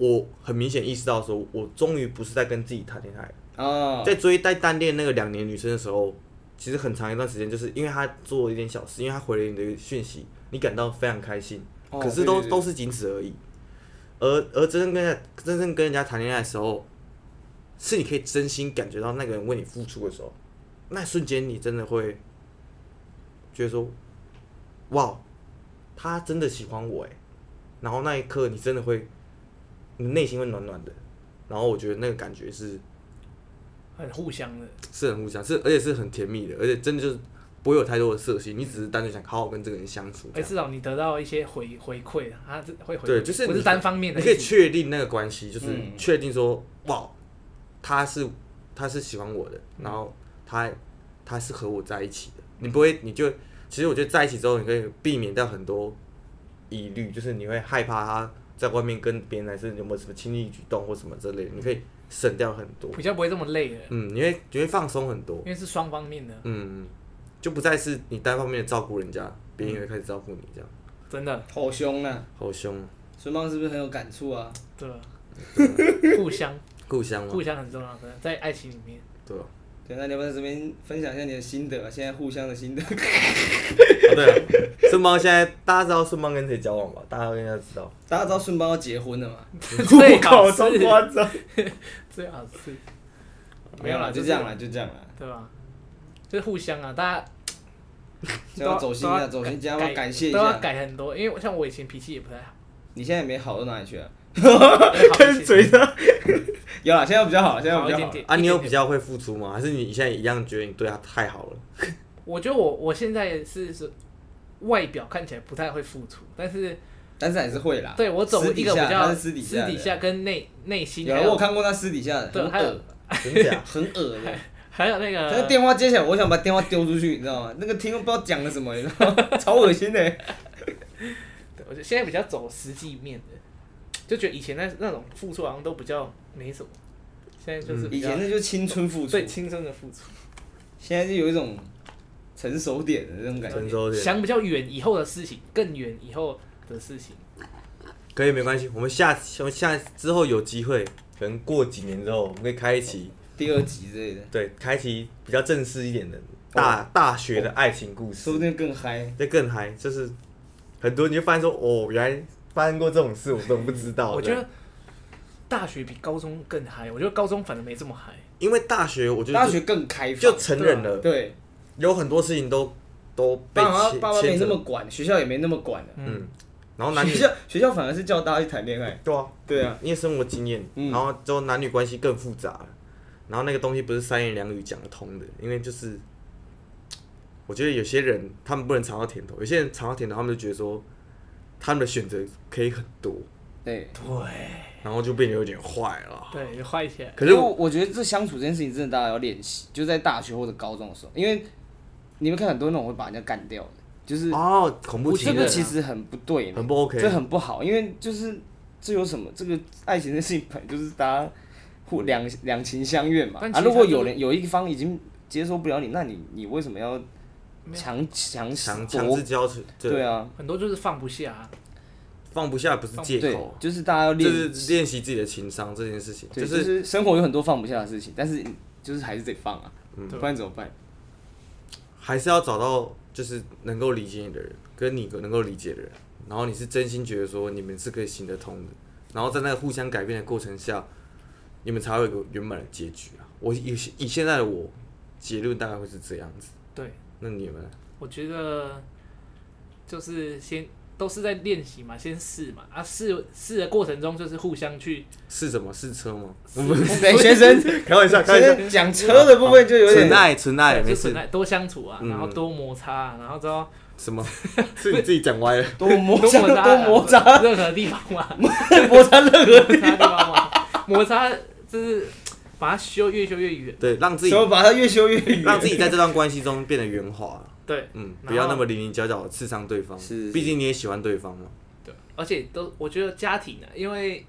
我很明顯意識到，說，我終於不是在跟自己談戀愛。在追在單戀那個兩年女生的時候，其實很長一段時間，就是因為她做了一點小事，因為她回了你的訊息，你感到非常開心。可是都都是僅此而已。而而真正跟真正跟人家談戀愛的時候，是你可以真心感覺到那個人為你付出的時候，那瞬間你真的會，覺得說，哇，他真的喜歡我哎、欸。然後那一刻你真的會。你內心會暖暖的，然後我覺得那個感覺是很互相的，是很互相，是而且是很甜蜜的，而且真的就是不會有太多的色心、嗯，你只是單純想好好跟這個人相處。哎，至少你得到一些回回饋，他會回饋，對，就是不是單方面的。你可以確定那個關係，就是確定說、嗯、哇，他是他是喜歡我的，然後他、嗯、他是和我在一起的，你不會你就其實我覺得在一起之後，你可以避免掉很多疑慮，就是你會害怕他，在外面跟別人來，是有沒有什麼親密舉動或什麼之類的，你可以省掉很多，比較不會這麼累的，嗯，你會覺得放鬆很多，因為是雙方面的，嗯，就不再是你單方面的照顧人家，別、嗯、人也會開始照顧你這樣，真的好凶啊！好凶！孫芳是不是很有感觸啊？對吧？對了 互相，互相，互相很重要的，在在愛情裡面，對了。對，那你們這邊分享一下你的心得，啊，現在互相的心得。 oh, 對啊，順邦現在大家知道順邦跟誰交往吧？大家應該知道，大家知道順邦要結婚了嘛。 最好吃， 沒有了，就是，就這樣了，就這樣了，對吧，啊？就是互相啊，大家都要，要走心啊，走心，這樣嘛，要要感謝一下，改很多，因為像我以前脾氣也不太好。你現在沒好到哪裡去了？跟 嘴上。 有啦，現在比較好，現在比較好好件件啊件件。你有比較會付出嗎？還是你現在一樣覺得你對他太好了？我覺得我我現在是是外表看起來不太會付出，但是但是還是會啦。對我走一個比較私底下，私底下，啊，私底下跟內內心有。對，我看過他私底下的，很惡，很假，很惡的。 還有那個，那，這個電話接起來，我想把電話丟出去，你知道嗎？那個聽不知道講了什麼，你知道，嗎？ 超噁心的，欸。對，我就現在比較走實際面的。就覺得以前那那種付出好像都比較沒什麼，現在就是、嗯、以前那就是青春付出，對青春的付出。現在就有一種成熟點的那種感覺，成熟點，想比較遠以後的事情，更遠以後的事情。可以沒關係，我們下下下之後有機會，可能過幾年之後，我們可以開啟、嗯、第二集之類的。對，開啟比較正式一點的，大、哦、大學的愛情故事，哦、說不定更嗨，對更嗨，就 high,、就是很多，你就發現說哦原來發生過這種事，我都不知道。我覺得大學比高中更嗨。我覺得高中反而沒這麼嗨。因為大學，我覺得、就是、大學更開放，就承認了，對啊，對，有很多事情都都被牽牽扯，爸爸沒那麼管，學校也沒那麼管了。嗯，然後男女學校,學校反而是叫大家去談戀愛，對啊，對啊，因為生活經驗，然後就男女關係更複雜了，嗯，然後那個東西不是三言兩語講得通的，因為就是，我覺得有些人他們不能嘗到甜頭，有些人嘗到甜頭，他們就覺得說。他們的選擇可以很多對，對對，然後就變得有點壞了，對，壞起來。可是我覺得這相處這件事情真的大家要練習，就在大學或者高中的時候，因為你們看很多那種會把人家幹掉的，就是哦，恐怖、啊，這個其實很不對，很不 OK，這很不好。因為就是這有什麼？這個愛情的事情本就是大家互兩兩情相悅嘛，啊，如果有人有一方已經接受不了你，那你你為什麼要？強強強強制交出，對啊，很多就是放不下，放不下不是借口，就是大家要練，就是練習自己的情商這件事情，就是。就是生活有很多放不下的事情，但是就是還是得放啊，嗯，不然怎麼辦？還是要找到就是能夠理解你的人，跟你能夠理解的人，然後你是真心覺得說你們是可以行得通的，然後在那個互相改變的過程下，你們才會有一個圓滿的結局啊。我以以現在的我結論大概會是這樣子，對。那你們？我覺得就是先都是在練習嘛，先試嘛啊試試的過程中就是互相去試什麼試車嗎？我們 學生開玩笑，學生講車的部分就有點純愛，純愛就是，多相處啊，然後多摩擦、啊嗯，然後之後什麼是你自己講歪了 多、啊？多摩擦、啊，多摩擦,、啊啊、 摩擦任何地方嘛、啊，摩擦任何地方嘛、啊， 摩擦就是。把它修越修越圓，對，讓自己，然把它越修越圓， 讓自己在這段關係中變得圓滑。對，嗯，不要那麼稜稜角角的刺傷對方。是，是，是，畢竟你也喜歡對方嘛。對，而且都，我覺得家庭呢、啊，因為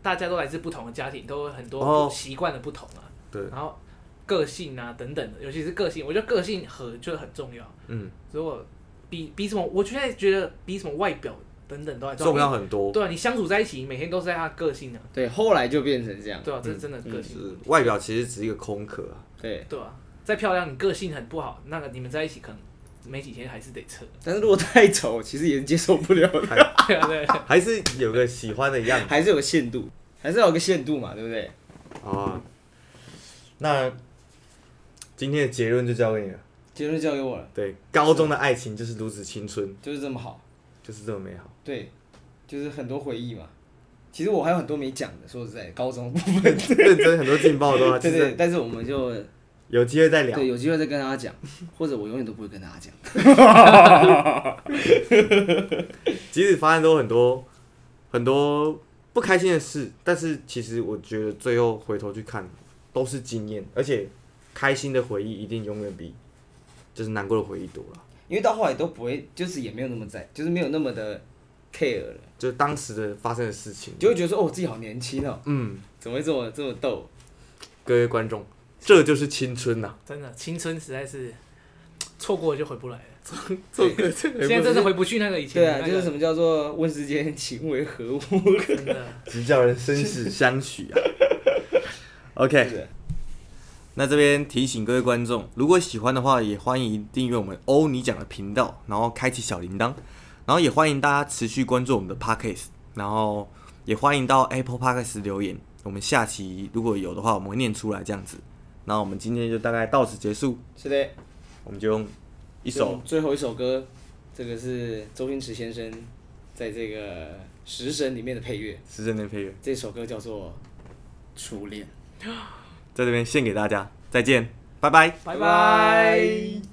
大家都來自不同的家庭，都有很多習慣的不同啊、哦。對，然後個性啊等等的，尤其是個性，我覺得個性和就是很重要。嗯，如果比比什麼，我現在覺得比什麼外表。等等，都不要很多。對啊，你相處在一起，你每天都是在他個性的、啊。對，後來就變成這樣。對啊，這真的個性、嗯嗯。外表其實只是一個空殼啊。對。對啊，再漂亮，你個性很不好，那個你們在一起可能沒幾天還是得撤。但是如果太醜，其實也接受不了。對啊，對。 還是有個喜歡的樣子。 還是有個限度。還是有個限度嘛，對不對？啊。那今天的結論就交給你了。結論交給我了。對，高中的愛情就是如此青春，就是這麼好，就是這麼美好。對，就是很多回憶嘛。其實我還有很多沒講的，說實在，高中部分認真很多勁爆都要講。對對，但是我們就 有機會再聊，對，有機會再跟大家講，或者我永遠都不會跟大家講。即 使 發生都很多很多不開心的事，但是其實我覺得最後回頭去看，都是經驗，而且開心的回憶一定永遠比就是難過的回憶多了。因為到後來都不會，就是也沒有那麼在，就是沒有那麼的。care 了，就是當時的發生的事情，就會覺得說哦，我自己好年輕哦，嗯，怎麼會這麼這麼逗？各位觀眾，這就是青春吶、啊！真的，青春實在是錯過了就回不來了，錯過了就回不來了，現在真的回不去那個以前。對啊，就，對啊就是什麼叫做問世間情為何物，真的， 真的直教人生死相許啊！OK，那這邊提醒各位觀眾，如果喜歡的話，也歡迎訂閱我們歐尼講的頻道，然後開啟小鈴鐺。然後也歡迎大家持續關注我們的 Podcast，然後也歡迎到 Apple Podcast 留言。我們下期如果有的話，我們會念出來這樣子。那我們今天就大概到此結束，是的，我們就用一首用最後一首歌，這個是周星馳先生在這個《食神》裡面的配樂，《食神》的配樂，這首歌叫做《初戀》，在這邊獻給大家，再見，拜拜，拜拜。